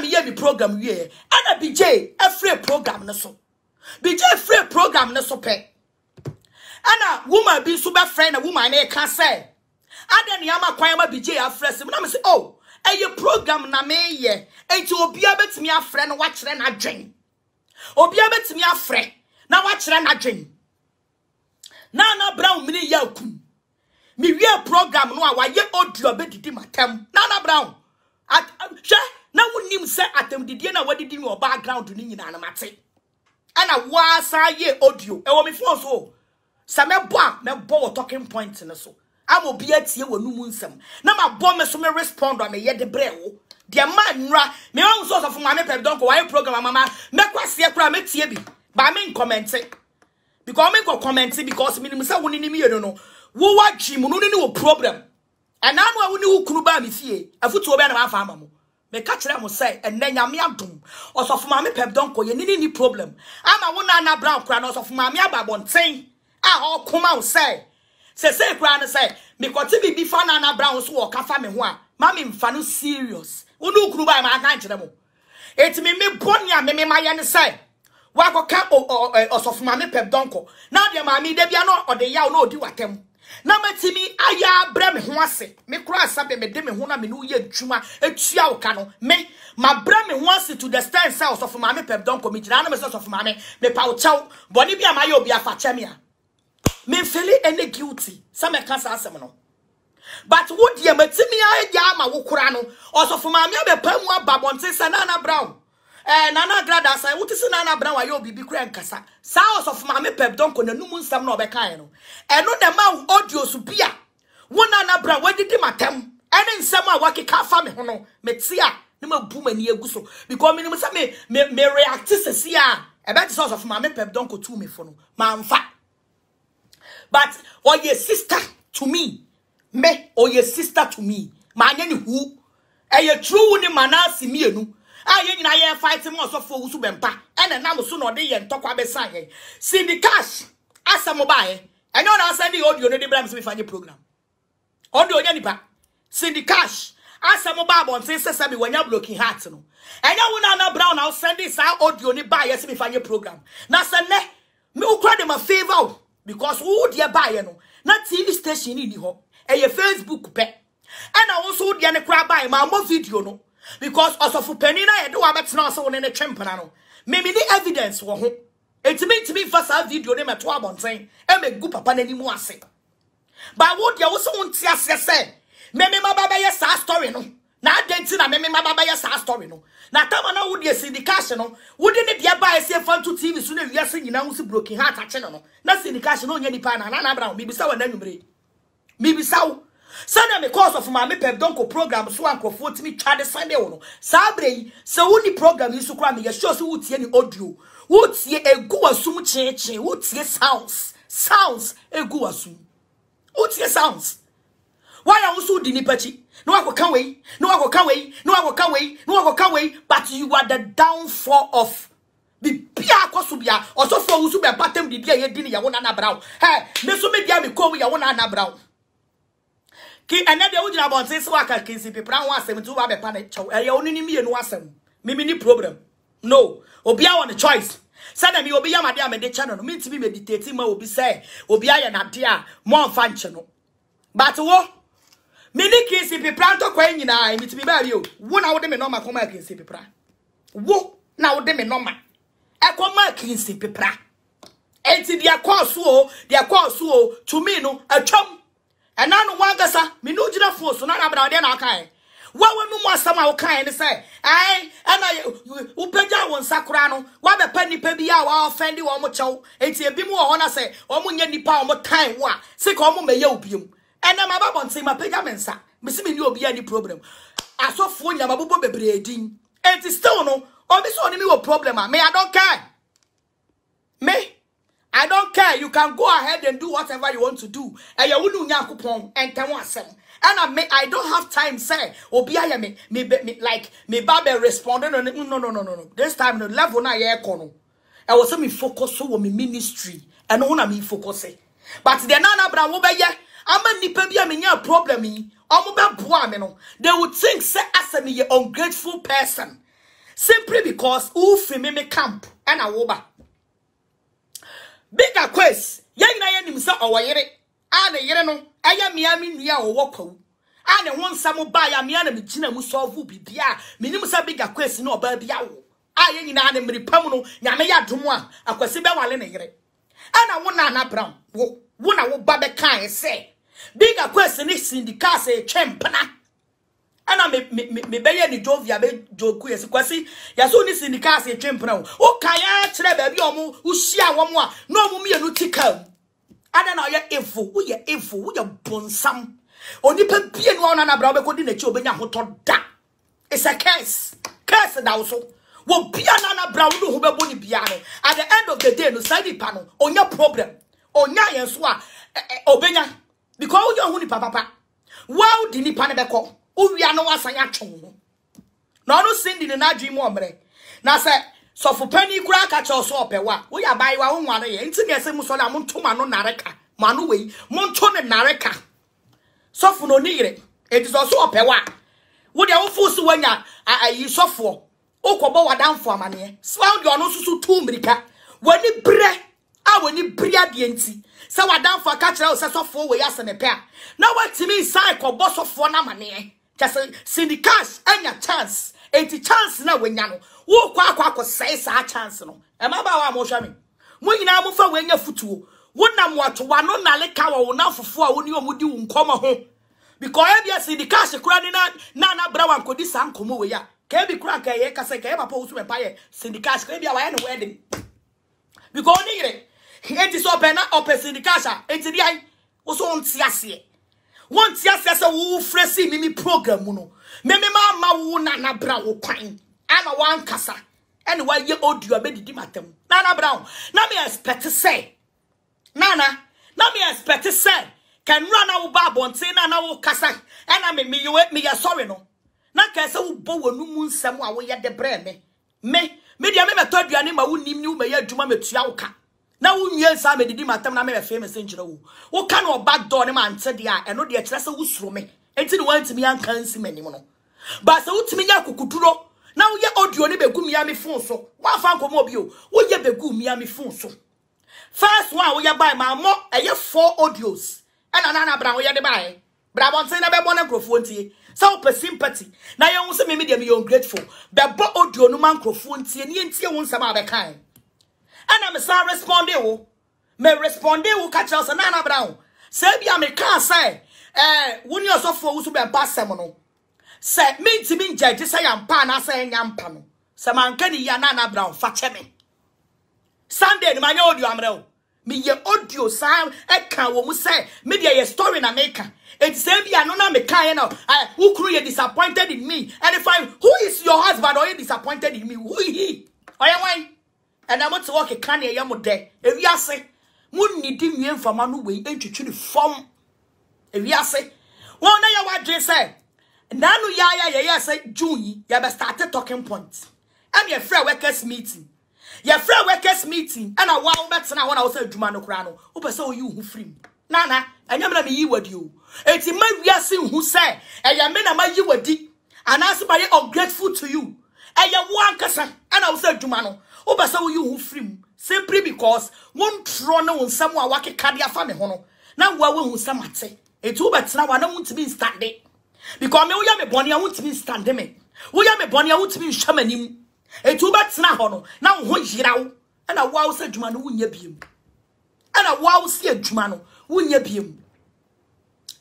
me meyɛ me program wieɛ ɛna BJ, afiri program no so BJ, afiri program no so pe. ɛna woman bi nso friend. na woman no ɛka sɛ ada nneɛma kwan ma bigye afrɛ sɛ mu na me sɛ oh ɛyɛ program na meyɛ nti obiara bɛtumi afrɛ no wakyerɛ n'adwen obiara bɛtumi afrɛ na wakyerɛ n'adwen na na brown mini yɛ akum mewie program no a wayɛ oduo bɛdidi matam na na brown At hwɛ na wonim sɛ atɛmdidie na wadidi ne ɔbaa ground no nyinaa no mate ɛna woasan yɛ audio ɛwɔ me phone so sɛ mɛbɔ a mɛbɔ wɔ talking point no so ama obi atie wɔ no mu nsɛm na mabɔ me so me respond a meyɛ de brɛ wo deɛ ma nnura mewahu sɛ ɔsɔfo maame pɛbi dɔnkɔ wayɛ program amama mɛkwaseɛ koraa mɛtie bi baa menkɔmmɛnte because menkɔ kɔmmɛnte because menim sɛ wo ne ne mmienu no wowɔ adwi mu no ne ne wɔ problem ɛnaa no a wo ne wo kunu baa me fie afotuo bɛɛ na maafa ama mo Me meka kyerɛ mo sɛ ɛnɛ nyame adom ɔsɔfo maame pɛp dɔnkɔ yɛ nini ni problem ama wo na brown kora na ɔsɔfo maame aba abɔnten a ɔkoma wo sɛ sɛsɛ kora no sɛ mekɔte biribi fa na brown so wɔ kafa me ho a me mfa no serious wo ne wokuru baa maaka nkyerɛ mo Et me mebɔ ne a memema yɛ ne sɛ woakɔka ɔsɔfo maame pɛp dɔnkɔ na deɛ maame da bia na ɔde yaw no ɔdi watem na matimi ayɛ abrɛ me ho ase me kora asabɛ mede me ho na mene woyɛ adwuma atua wo ka no me mabrɛ me ho ase to the stand sɛ ɔsɔfo maame pɛp dɔnkɔ megyina na me sɛ ɔsɔfo maame mepa wo kyɛw bɔne bi a mayɛ obi afa kyɛ me a memfele ɛne guilty sɛ mɛka saa asɛm no but wo deɛ matimi agya ama wo kora no ɔsɔfo maame abɛpa mu aba bɔnte sɛ na anabra wo eh, nana grada sa wuti si nana bra wa yo bibi kura nkasa saa osofo maame pep donko na num nsam na obeka ye no eno eh, uh, uh, na eh, ma audio su bia wo nana bra wadidi matam ene nsam a wakeka fa me ho no meti a ne ma bu mani egu so because me nim sa me me, me react sesi uh, eh, a ebe ti osofo maame pep donko tu me fo no ma mfa but oye oh, sister to me me oye oh, sister to me ma anya ni hu eye true ni manasi mienu a yɛ nyinaa yɛ fight mu ɔsɔfo wusu bɛ mpa ɛna nam so na ɔde yɛ ntɔkwa bɛsa yɛ cindy cash asɛm baayɛ ɛnyɛ ɔna asɛm de yɛ audio no de bra se sɛ mi fa nye program audio nyɛ nipa cindy cash asɛm ba abɔnten se sɛbi wɔnya broken heart no ɛnyɛ wo na ana brown na ɔsɛnde saa audio ni baayɛ se mi fa nye program na se nɛ mi wokura de ma favour o because wo deɛ baayɛ no na tv station ni ni hɔ ɛyɛ facebook pɛ ɛna wo nso wo deɛ ne kura baayɛ ma amɔ video no because ɔsɔfo panin na yɛde wa na ɔsɛ wɔn ne twɛn mpana no mimi ni evidence wɔ ho etimi ntumi nfa saa video ne mɛto abɔnten ɛmɛ gu papa n'anim ase baawo deɛ wosɛ wɔn ti aseɛ sɛ mimi ma ba bɛyɛ saa story no na adenti na mimi ma ba bɛyɛ saa story no na tama na wodi esi di cash no wodi ne deɛ ba esi efa ntu tv so na ewia se nyinaa ho broken heart akye no na si no onye ni na na na abira wo mibisa wo na nwumire mibisa wo sɛnea mekɔɔ of my pɛm dɔnko program so a nkurɔfoɔ tumi twa de sɛnde wo no saa berɛ yi sɛ woni program yi so koraa meyɛhyɛ so wotie ne audio wotie ɛgu wasum kyeekyee wotie sounds sounds ɛgu wasum wotie sounds Why are you so No I no I kyi na wakɔka no I wakɔka wei na no I na wakɔka wei but you are the downfall of bibia akɔ so bia ɔsɔfoɔ wo so bɛbatam biribi a yɛdi ne yɛwo no anabra wo hɛ me so media mekɔɔ mu yɛwo no anabra wo ki ene de wo gyina bonte se wa ka kinsi pepra ho asem tu ba be pa ne chow eye onini mienu asem mimi ni problem no obi a won choice said na mi obi ya made a mede che no no minti bi meditate ma obi say obi aye na de a mo mfa nche no but wo mini kinsi pepra to kwa nyina miti bi ba bi o wo na wo de me normal koma kinsi pepra wo na wo de me normal e koma kinsi pepra enti dia course o dia course o to me no atwam ɛna no wankasa me wogyina foo so na nabena wodeɛ na wokaeɛ wawa no mu asɛm a wokaeɛ ne sɛ ɛe ɛna wopagya wo nsa koraa no woabɛpa nnipa bi a waɔfɛnde wɔ mo kyɛw enti ebi mu wɔ hɔ na sɛ ɔmo nyɛ nnipa a ɔmo tan wo a se ɔmo mɛyɛ wo ɛnɛ mababɔ nse mapagya me nsa mesi me ne obiaa problem asɔfoɔ nyama bobɔ bebree din enti still no obi oh, sɛ ɔne me wɔ problem a ah. me adɔnkae me I don't care. You can go ahead and do whatever you want to do. And you will not coupon and ten wasem. And I may I don't have time, sir. Obi me me me like me babe responding no no no no no no. This time the level na ye kono. I was me focus so my ministry and on me focus. But the nana bra wo be ye ama nipa bi a me nya problem me, Omo be boa me no. They would think say as me ye ungrateful person. Simply because who fi me me camp and a woba. bika kwes yɛn nyinaa yɛ sɛ ɔwɔ yere a ne yere no ɛyɛ a ɔwɔ kwawu a ne ho nsɛm baa yɛ na me mu a menim sɛ bika kwes ne ɔbaa bi awo a yɛn ne pam no nyame yɛ adom a akwasi bɛwale ne yere ɛna wo na anabram wo wo na wo bɛkae sɛ bika kwes ne mpena ɛna mebɛyɛ ne jovia bɛjoku yɛsi kwasi yɛsɛ wo ne sinika ase twe mpena wo woka yɛ kyerɛ baabi ɔmo wohyia wɔ mo a na ɔmo mmienu ti ka mu ada na ɔyɛ evo woyɛ evo woyɛ bonsam onipa bie no ɔno anabra wobɛkɔdi n'akyi wobɛnya ahotɔ da it's a curse curse da wo so wɔ bia no anabra wo ne ho bɛbɔ ne bia no at the end of the day no saa nipa no ɔnya problem ɔnya yɛn so a ɔbɛnya because woyɛ ho nipa papa wow di nipa no bɛkɔ owia no wasa ya twon na ọnụ si ndị na-adụ ime ọmịrị na sị sọfụ penny aka kacha ọsọ ọpịwa onye abayiwa ụnwara ya ntị na-ese m sọrọ mụ ntụ manụ narị ka manụ wei mụ ntụ na narị ka sọfụ na oniyere eti sọsọ ọpịwa wụdị awụfụ si wenya ayi sọfụ ụkwọbọ wadamfọ amanihe sịwa ndị ọnụ susu tu mmirika wani bere a wani bere adịghị ntị sị wadamfọ kacha ọsọ sọfụ wei asị na pịa na watimi nsa ịkọbọ sọfụ na amanihe kyɛsɛ syndicates anya chance eti chance na wɔnya no wɔkɔ akɔ akɔ sɛɛ saa chance no mmabaawa a wɔhwɛ mi mo nyinaa mo fa wɔnya futuo wonam wɔto wano nale ka wɔ wɔn afofoɔ a wɔne wɔn di wɔn nkɔmɔ ho because ebi esi syndicates kura ne na na na bra wa nkodi saa nkɔmɔ wɔ yi a kɛbi kura kɛyɛ kasa kɛyɛ papa wosu mɛpa yɛ syndicates kɛyɛ bi a wɔayɛ ne wedding because ɔne yere eti sɛ ɔpɛ na ɔpɛ syndicates a eti di ayi wɔsɔ wɔn ti aseɛ wonte asɛ sɛ wo frɛ si mimi program mu no meme ma ma wo na na bra wo kwan ana wankasa ɛne wayɛ audio abɛdidi matam na na bra wo na me expect sɛ nana na me expect sɛ kanura na wo ba abɔnten na na wo kasa ɛna me meyɛ meyɛ sɔre no na kɛsɛ wo bɔ wɔ numu nsɛm a woyɛ de brɛ me me me deɛ me mɛtɔ aduane ma wo nim ne wo mɛyɛ adwuma mɛtua wo ka na wonwie saa medidi matam na mebɛ fee me se nkyerɛ wo woka na ɔba dɔ ne mante deɛ a ɛno deɛ kyerɛ sɛ wosuro me enti ne woantumi anka nsi m'anim no ba sɛ wotumi nyɛ akokoturo na woyɛ audio ne bɛgu miami fon so woamfa nkɔmmɔ bi o woyɛ bɛgu miami fon so first one woyɛ bae maammɔ ɛyɛ four audios ɛna na anabra woyɛ de baeɛ brabɔnten na bɛbɔ ne nkurɔfoɔ ntie sɛ wopɛ sympathy na yɛhu sɛ meme deɛ meyɛ ungrateful bɛbɔ audio no ma nkurɔfoɔ ntie ne yɛntie wo nsɛm a bɛkae ɛna me san responde wo me responde wo ka kyerɛ sɛ na na bra wo a bia me ka sɛ eh wo ne ɔsɔfoɔ wo so bɛ ba sɛm no sɛ me ntimi ngyagye sɛ yampa na sɛ ɛnya mpa no sɛ manka ne yia na na bra wo fa kyɛ me sunday no manyɛ audio amrɛ wo meyɛ audio saa ɛka wɔ mu sɛ medeɛ yɛ story in America. meka eti sɛ a no na mekaeɛ no wo kunu yɛ disappointed in me ɛne fine who is your husband you disappointed in me who he Are you wan And to walk a ɛna mo te hɔ keka ne ɛyɛ mo dɛ ewiase mo nidi nwie mfama no wei ntwitwiri fam ewiase wɔn na yɛ wadwe sɛ nanu yaaya yɛyɛ sɛ june yi yɛbɛ started talking points. I'm your yɛfrɛ workers meeting Your yɛfrɛ workers meeting And I want hɔ na wo I adwuma no koraa no wopɛ sɛ woyi wo ho firi mu nana ɛnyɛ you. na meyi wadi o enti ma wiase nhu sɛ ɛyɛ me na mayi wadi anaasɛ mayɛ ungrateful to you ɛyɛ wo ankasa And I sɛ adwuma no wobɛsɛ woyi wo firi mu simply because wontrɔ ne wo nsɛm a wakeka de afa ne ho no na woa woahu nsɛm ate ɛti wobɛtena hɔ a na wontumi nstande because me woyɛ me bɔne a wontumi nstande me woyɛ me bɔne a wontumi nhwɛ m'anim ɛti wobɛtena hɔ no na wo ho yera wo ɛna woa wo sɛ adwuma no wonyɛ biem ɛna woa wo sɛ adwuma no wonyɛ biem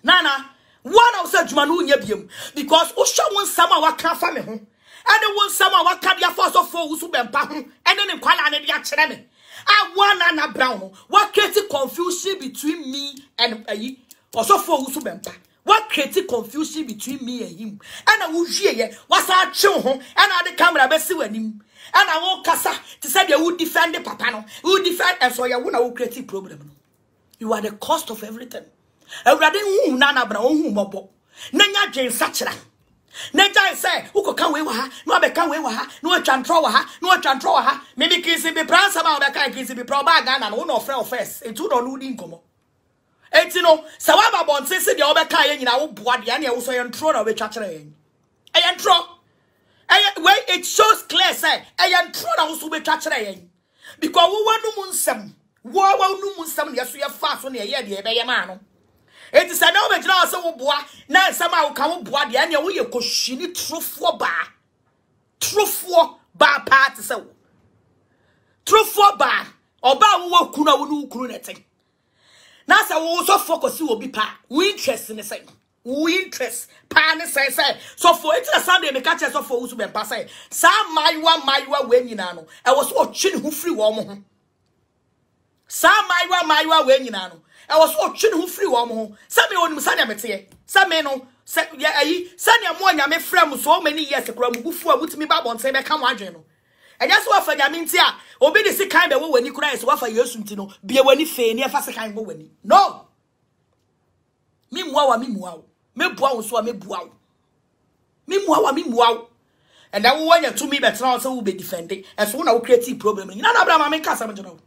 nana woa na wo sɛ adwuma no wonyɛ biem because wohwɛ wo nsɛm a waka afa me ho ɛne wo nsɛm a waka de afa ɔsɔfoɔ wo so bɛmpa ho ɛne ne nkwala ne de akyerɛ me a woana na brown no woakreti confusion between me and ayi ɔsɔfoɔ wo so bɛmpa woakreti confusion between me and him ɛna wohwieɛ woasan akyew ho ɛna ade camera bɛsi w'anim ɛna wokasa te sɛ deɛ defend papa no defend. ɛsɛ ɔyɛ wo na wokreti problem no you are the cost of everything awurade na na brown mmɔbɔ na Nenya dwen nsakyera ne gyae sɛ wokɔka wei wɔ ha na wabɛka wei wɔ ha na watwa ntorɔ wɔ ha na watwa ntorɔ wɔ ha mebi kinsi bipra nsɛm a wobɛka kinsi bipra ɔbaa ghana no wo na ɔfrɛ wo first ɛnti wona ɔno wodi nkɔmmɔ ɛnti no sɛ woaba bɔnte se deɛ wobɛka yɛ nyinaa woboa deɛ ne ɛwo so ɛyɛ ntorɔ na wobɛtwa kyerɛ yɛn ɛyɛ ntorɔ ɛyɛ wei it shows clear sɛ ɛyɛ ntorɔ na wo so wobɛtwa kyerɛ yɛn because wowa no mu nsɛm wowa no mu nsɛm ne ɛso yɛfa so ne ɛyɛ deɛ ɛbɛyɛ maa no eti sɛ ne wobɛgyina hɔ sɛ woboa na nsɛm a woka woboa deɛ ɛneɛ woyɛ kɔhyini torofoɔ baa torofoɔ baa paa te sɛ wo torofoɔ baa ɔbaa wowɔ kunu a wo ne wo kunu ne te na sɛ wo sɔfoɔ kɔsi wɔ bi paa wo interest ne sɛ wo interest pa ne sɛ sɛ for eti na saa deɛ meka kyerɛ sɔfoɔ wo so bɛmpa sɛ saa maiwa mmaayewa wei nyinaa no ɛwɔ so ɔtwe ne ho firi wɔn ho saa mmaayewa mmaayewa wei nyinaa no was so ɔtwe ne ho firi wɔn ho sɛ mi wɔn mu sani ameteɛ sɛ mi no sɛ yɛ ɛyi sani ɛmo ɔnyame frɛ mu so ɔmo ani yɛ sekura mu bufu a wotumi ba abɔnten bɛka mo adwene no ɛnyɛ sɛ wɔfa nyame nti a obi de sikan bɛ e wɔ w'ani kura yɛ sɛ wɔfa yesu nti no bie w'ani fee ni ɛfa e sikan wɔ w'ani no mi mua wa mi mua wo mi bua wo so a mi bua wo mi mua wa mi mua wo ɛnna wo wɔnyɛ tumi bɛtena hɔ sɛ wo bɛ difɛnde ɛso e wo na wo kire tii problem nyina na abira maame nkasa mi gyina wo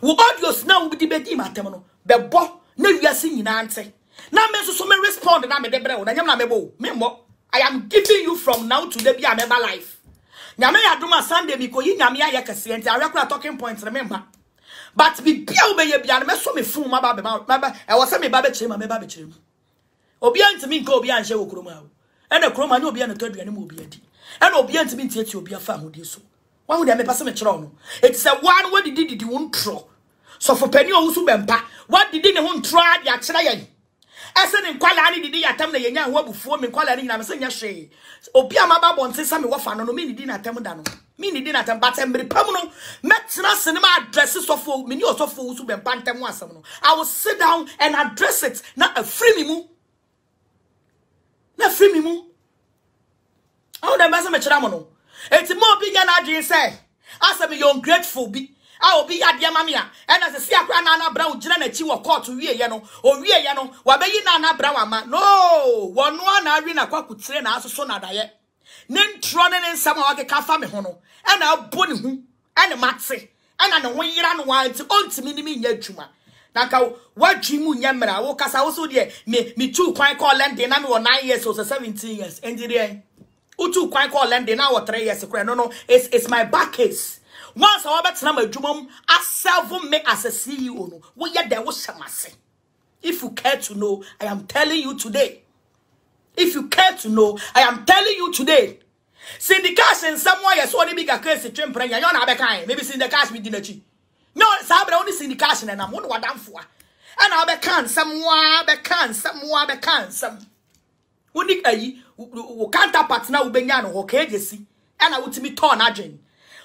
wo audios na wo de bedi matem no bɛbɔ na wiase nyinaa nte na me nso so me respond na me de brɛ wo na nyam na me bo me mmɔ i am giving you from now to the be a member life nyame ya duma sunday mi ko yi nyame ya kese nti awekura talking point re me mba but bi bia wo be ye bia na me so me fun ma ba be ma ba e wo se me ba be chire ma me ba be chire mu obi antimi nka obi anhye wo kroma wo ɛna kroma ne obi an to aduane mu obi adi ɛna obi antimi ntie tie obi afa ahodi so wahu deɛ mepɛ sɛ mekyerɛ wo no ɛti sɛ woa no didi didi wo ntorɔ sɔfopani a ɔwo so bɛmpa woadidi ne ho ntorɔ a de akyerɛ yɛn ɛsɛ ne nkwalaa no didi yɛatam na yɛnya ho abufuo me nkwalaa no nyinaa me sɛ nyɛ hwee obi a maba abɔnte mi mewɔ fa no no menedi natam da no na natam but mbiri pam no mɛtena sene ma adrɛse sɔfo meni ɔsɔfo wo so bɛmpa ntam ho asɛm no i will sit down and address it na afiri me mu na afiri me mu ɔwo dɛ mbɛ sɛ mekyerɛ mo no eti mo obi nye na adwene sɛ bi a obi yɛ adeɛ ma me a na sɛ si na anabra wo gyina n'akyi wɔ kɔɔto no owieɛ no na anabra ma no wɔno a na arị na kwakotire na asụsụ nadaeɛ ne ntorɔ ne ne nsam a wakeka fa me ho no ne mate ne ho no wa nti mi adwuma naka wo so na 9 years utu kwan kɔ lɛnde na wɔ three years kura no it's it's my back case once a wɔbɛtena ma adwuma mu asɛvo me as a ceo no woyɛ dɛ wohyɛ m'ase if you care to know i am telling you today if you care to know i am telling you today syndication nsɛm ayɛ so ɔde bi kakra si twe mprɛ nya nyɛ ɔna abɛka ɛ maybe syndication bi di n'akyi nyɛ saa berɛ wo ne syndication ɛnam wo ne wadamfoa ɛna wobɛka nsɛm wa bɛka nsɛm wa bɛka nsɛm wo ne ayi wo counterpart na wobɛnya no hɔ ka ɛgye si ɛna wotumi tɔn n'adwen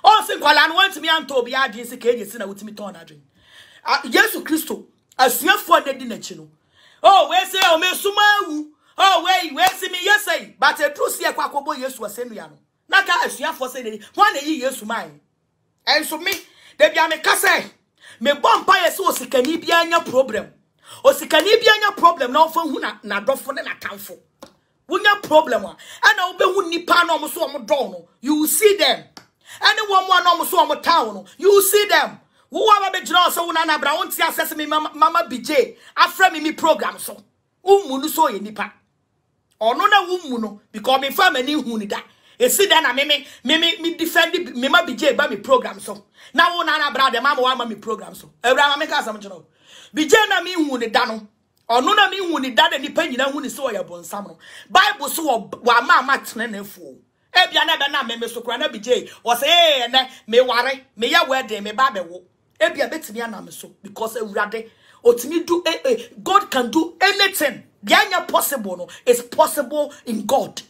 ɔnsi nkwadaa no wɔntumi antɔ obi adwen si ka ɛgye si na wotumi tɔn n'adwen yesu kristo asuafoɔ na di n'akyi no o wɛsi o mɛ suma awu o wɛyi wɛsi mi yɛsɛ yi bata eturu si ɛkɔ akɔbɔ yesu ɔsɛ nua no n'aka asuafoɔ sɛ n'ani wɔn na yi yesu maa yi ɛnso mi debi ame kasa me bɔ mpa yɛ sɛ osikani bi anya problem osikani bi anya problem na ɔfɔ hu na n'adɔfo ne n'atamfo wonya problem a ɛna wobɛhu nipa na ɔmo so ɔmo dɔn no you see them ɛne wɔn mu a na ɔmo so ɔmo town no you see them wowɔ aba bɛgyina ɔsɛ wo na abra wonte asɛsɛ me mama bigye Afra mi mi program so wommu no so ɔyɛ nipa ɔno na wommu no because mefa m'ani hu ne da ɛsi dɛ na Mimi Mimi mi defend me ma bigye ba me program so na wo nana abra de ma ma woama me program so awura ma meka asɛm kyerɛ wo bigye na mi mehu ni da no ɔno na mehu ne da da nipa nyinaa hu ne sɛ ɔyɛ bɔnsam no bible so wɔ wama ama tenenefoɔ ebia na ɛbɛna mɛmɛ so kura na bi gye ɔsɛ ee ɛnɛ meware meyɛ wɛden meba abɛwo ebia betumi anam so because ewurade otumi do eh eh god can do anything deɛ nyɛ possible no is possible in god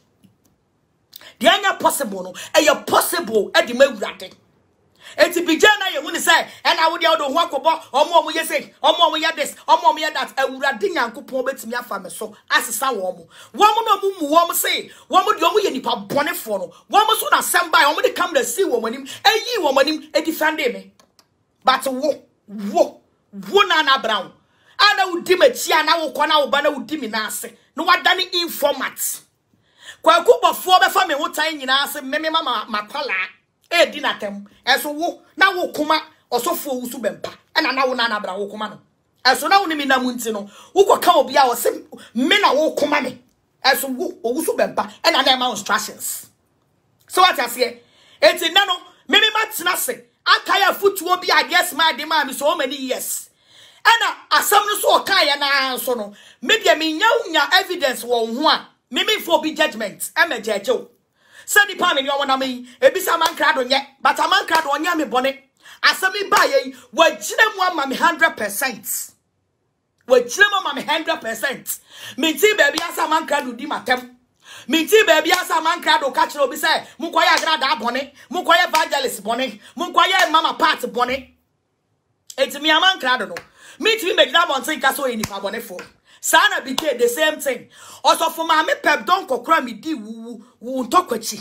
deɛ nyɛ possible no ɛyɛ possible ɛde ma ewurade. eti bigya na yɛ hu ne sɛ ɛna wode wode ho akɔbɔ ɔmo ɔmo yɛ sei ɔmo ɔmo yɛ this ɔmo ɔmo yɛ that awurade nyankopɔn obetumi afa me so asesa wɔn mo wɔn mo na ɔmo mu wɔn mo sei wɔn mo deɛ ɔmo yɛ nipa bɔnefoɔ no wɔn mo so na asɛm baa ɔmo de kamera si wɔn anim eyi wɔn anim edi fande mi but wo wo wo na na brown ana wodi m'akyi a na wokɔ na woba na wodi me n'ase na wadane informat kwaku bɔfoɔ bɛfa me ho tan nyinaa se mmeme ma makwalaa edi na tem eso wo na wo kuma osofo wo su bempa na na wo na na bra wo kuma no eso na wo ni na mu nti no wo ko ka obi a wo se me na wo kuma me eso wo owu su bempa na na ma instructions so what asie eti na no me me matena se aka ya futuo bi a yes ma de ma me so many years ɛna asɛm no so ɔka yɛ na nso no media menya nya evidence wɔ ho a mememfa obi judgment ɛma gyagyew sɛ nipa mi ni ɔwɔ nam yi ebisa amankra do nyɛ bata amankra do ɔnyɛ mi bɔne asɛm yi baa yɛ yi wagyina mu ama mi hundred percent wagyina mu ama mi hundred percent Mi minti beebi asa amankra do di ma tɛm minti beebi asa amankra do ka kyerɛ obi sɛ mokɔyɛ agradaa bɔne mokɔyɛ evangelist bɔne mokɔyɛ mama part bɔne etimi amankra do no mintimi megyina abɔnten kasa oyɛ nipa bɔne foɔ. saa na bekee the same thing for maame pep don kọkọrọ me di wuwu wuwu ntọkwachi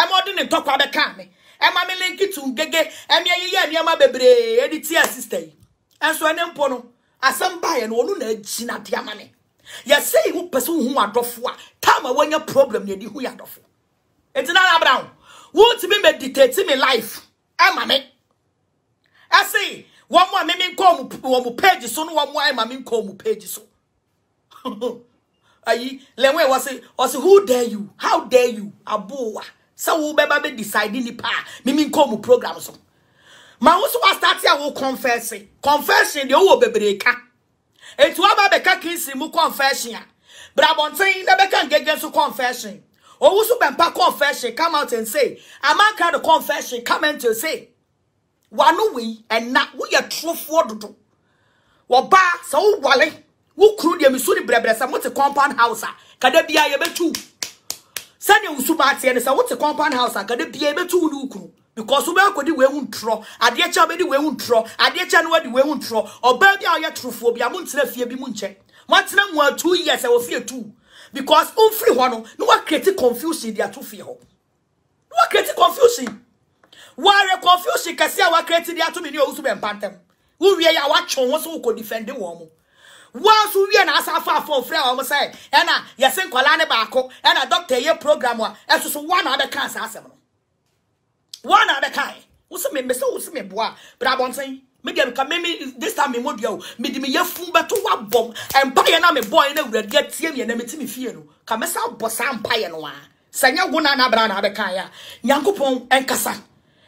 ẹma ntọkwa bɛka mi ɛma mi linki gege ɛmi ayiyɛ bebree ɛdi tia sista yi ɛnso ɛne mpo no asɛm baayɛ na agyina a problem na na labra wo wontumi meditate me life ɛma me ɛse wɔn a mimi nkɔɔ mu mu page so page so. ayi lenwe wase wase who dare you how dare you abowa sa wo beba be decide nipa mimi nko mu program so ma wo so wa start ya wo confess confession de wo bebre ka etu aba be ka kinsi mu confession ya brabonten na be ka ngege so confession owu so bempa confession come out and say am I kind of confession come and to say wanu we and na wo ye true for dodo wo ba so wo wale wo kunu deɛ mesu ne brɛbrɛ sɛ mote compound house a kada bia yɛbɛtwu sɛdeɛ wosu baateɛ ne sɛ wote compound house a kada bia yɛbɛtwu wo ne wo kunu because wobɛ akɔdi wehu ntorɔ adeɛ kyɛ wobɛdi wehu tro, adeɛ kyɛ no wadi wehu ntorɔ ɔbaa bi a ɔyɛ torofoɔ bi a montena fie bi mu nkyɛ moatena mu a two years a wɔfie two because womfiri hɔ no wa create confusion de ato fie hɔ na woakreti confusion wɔare confusion kɛseɛ a woakreti de ato me ne ɔwo so bɛmpa ntɛm wowie yɛ a woatwe wo so wokɔ defende wɔn mo wɔnso wie na asa afa afɔ ofurɛ a wɔn sɛ ɛna yɛsi nkɔlaa ne baako ɛna dɔkta yɛ program a ɛso so wɔn na abɛka asa asɛm no wɔn na abɛka yɛ wosi mi mbese wosi mi boa bra abɔnten mi deɛ mi ka mi mi this time mi mo deɛ o mi di mi yɛ fun bɛto wa bɔm mpaeɛ na mi bɔ yɛ na wura deɛ tie mi yɛ na mi ti mi fie no ka mi sa bɔ saa mpaeɛ no a sɛ nyɛ wo na na abira na abɛka yɛ a nyankopɔn nkasa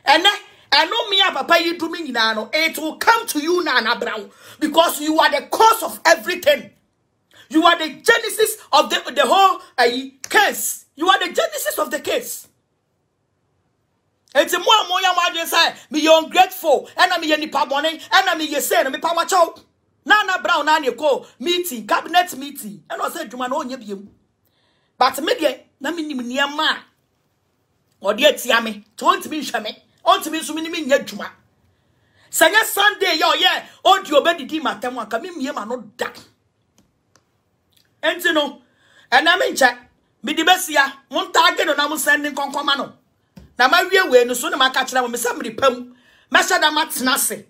ɛnɛ. ɛno mmea papa yi dum nyinaa no it will come to you nana brown because you are the cause of everything you are the genesis of the the whole uh, case you are the genesis of the case. Eti mu a mo ya mo adwen sɛ meyɛ ungrateful ɛna meyɛ nipa bɔne ɛna meyɛ se na mepa wakyɛw nana brown na you kɔ meeting cabinet meeting ɛna ɔsɛ adwuma na ɔnyɛ biem but me deɛ na menim nneɛma a ɔde atia me nti ɔntumi nhwɛ me ɔntumi nso ne mi nyɛ adwuma sɛ nyɛ sunday yɛ ɔyɛ ɔdi obɛdidi ma tɛm aka mi mie ma no da nti no ɛnam nkyɛ mede bɛsia mo ntaage no na mo sɛn ne nkɔnkɔma no na mawie wei no so ne maka kyerɛ mo me sɛ mede pam mɛhyɛ da matena ase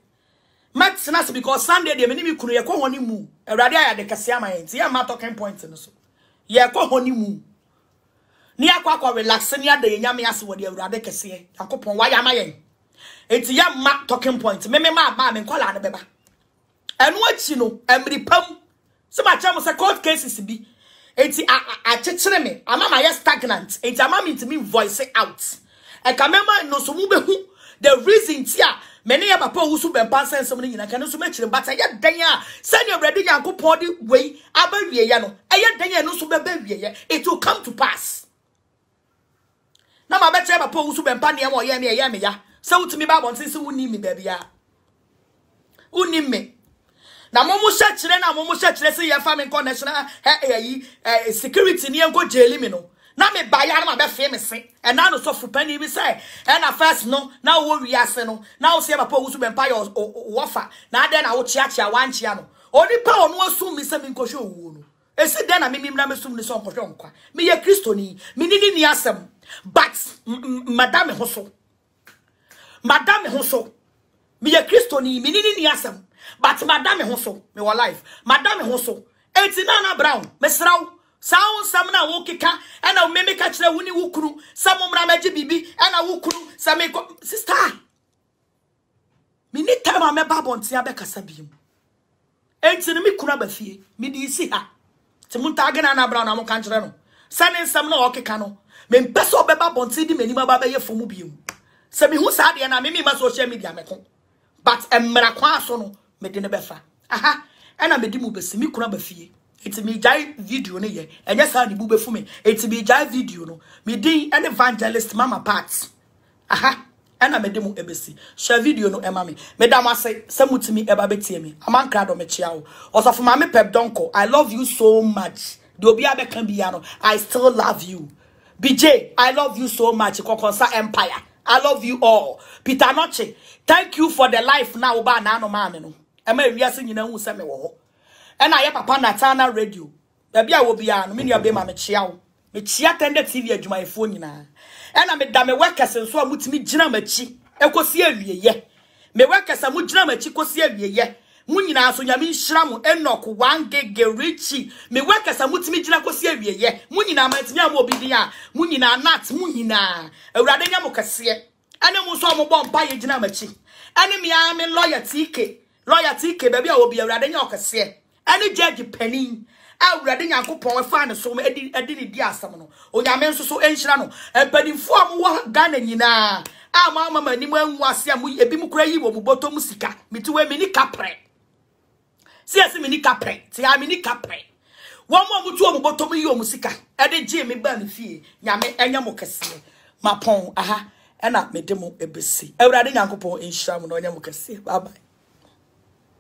mɛtena ase because sunday deɛ me ne me kunu yɛkɔ hɔ ne mu awurade ayɛ ade kɛseɛ ama yɛ nti yɛmma talking point no so yɛkɔ hɔ ne mu ni akwa akwa relax ni ade nyame ase wo de awurade kese yakopon wa yama yen enti ya ma talking point me me ma ba me kola ne beba enu achi no emri pam se ma chem se court cases bi enti a chechire me ama ma ye stagnant enti ama me ntimi voice out e ka me ma no so mu behu the reason tia me ne ya papa wo so bempa sensem ne nyina ka no so ma chire but ya dan a se ne awurade yakopon de wei aba wie ya no e ya dan ya no so beba wie ya it will come to pass na ma betre papa wo so bempa ne ma oyɛ me yɛ me ya sɛ wotumi ba bɔnten sɛ woni me baabi a me na mo mo hyɛ kyerɛ na mo mo hyɛ kyerɛ sɛ yɛfa me nkɔ national ɛyi eh, eh, security ne yɛnkɔ gyeli me no na me ba ya na bɛfe me se ɛna no sɔfo pani bi sɛ ɛna first no na wo wiase no na wo sɛ papa wo so bɛmpa yɛ wɔfa na adɛn na wo kyeakyea wankyea no onipa a ɔno asum me sɛ menkɔhwɛ owuo no ɛsi dɛn na memim na mesum ne sɛ ɔnkɔhwɛ nkwa meyɛ kristoni menni ne ni asɛm but madame ho madame ho me a kristo ni me ni ni asem but madame ho me wa life madame ho so enti na brown me sraw saa nsɛm no a wokeka ɛna meme ka kyerɛ wo ne wo kunu sɛ mommra magye biribi ɛna wo kunu sɛ mekɔ sista menni time a mɛba abɔntea bɛkasa bio enti no me kunu aba fie di si ha nti montaa gena na abra no a moka nkyerɛ no sani nsɛm na ɔkeka no mempɛ sɛ ɔbɛba bɔnte de m'anim aba bɛyɛ fam biom sɛ mehu saa deɛ no a memema social media meko but mmara kwa so no mede ne bɛfa aha ɛna mede mu bɛsi me kura bafie nti megyae video no yɛ ɛnyɛ saa ne bu bɛfu me nti megyae video no medin ɛne evangelist mama part aha ɛna mede mu ɛbɛsi hyɛ video no ɛma me meda mo ase sɛ mutumi ɛba bɛtie me amankra dɔ mekyea wo ɔsɔfo maame pɛp dɔnkɔ i love you so much the obi abekan biano i still love you bj i love you so much kokonsa empire i love you all peter noche thank you for the life now ba na no maame no e ma wiase nyina hu se me wo ho e na ye papa natana radio da bia wo bia no me nua be ma me chia wo me chia tende tv adwumayefo nyina e na me da me workers nso a mutimi gina machi ekosi awieye me workers a mu gina machi kosi awieye mu nyinaa so nyame nhyira mo enok wangege richi mewɛ kasa mutumi gyina kɔsi awieyɛ mu nyinaa mantumi a mobi din a mu nyinaa nat mu nyinaa awurade nyɛ mo kɛseɛ ɛne mu nso a mobɔ mpa yɛ gyina m'akyi ɛne mea me lɔya tike lɔya tike baabi a wɔbi awurade nyɛ ɔkɛseɛ ɛne gyɛgye panin awurade nyankopɔn ɛfa ne so ɛdi ne di asɛm no onyame nso so ɛnhyira no mpanimfoɔ a mowɔ ghana nyinaa a mo ama m'anim anwu ase a ebi mo kora yi wɔ mo bɔtɔ mu sika mete mini mi kaprɛ si esi mi ni kapre ti ya mi ni kapre wɔn mu mutu wɔn bɔtɔ mu yi wɔn sika ɛde gye mi nyame enya mo kɛseɛ ma pɔn aha ɛna mede mo ebesi awurade nyankopɔn nhyira mu na ɔnyɛ mo kɛseɛ bye bye.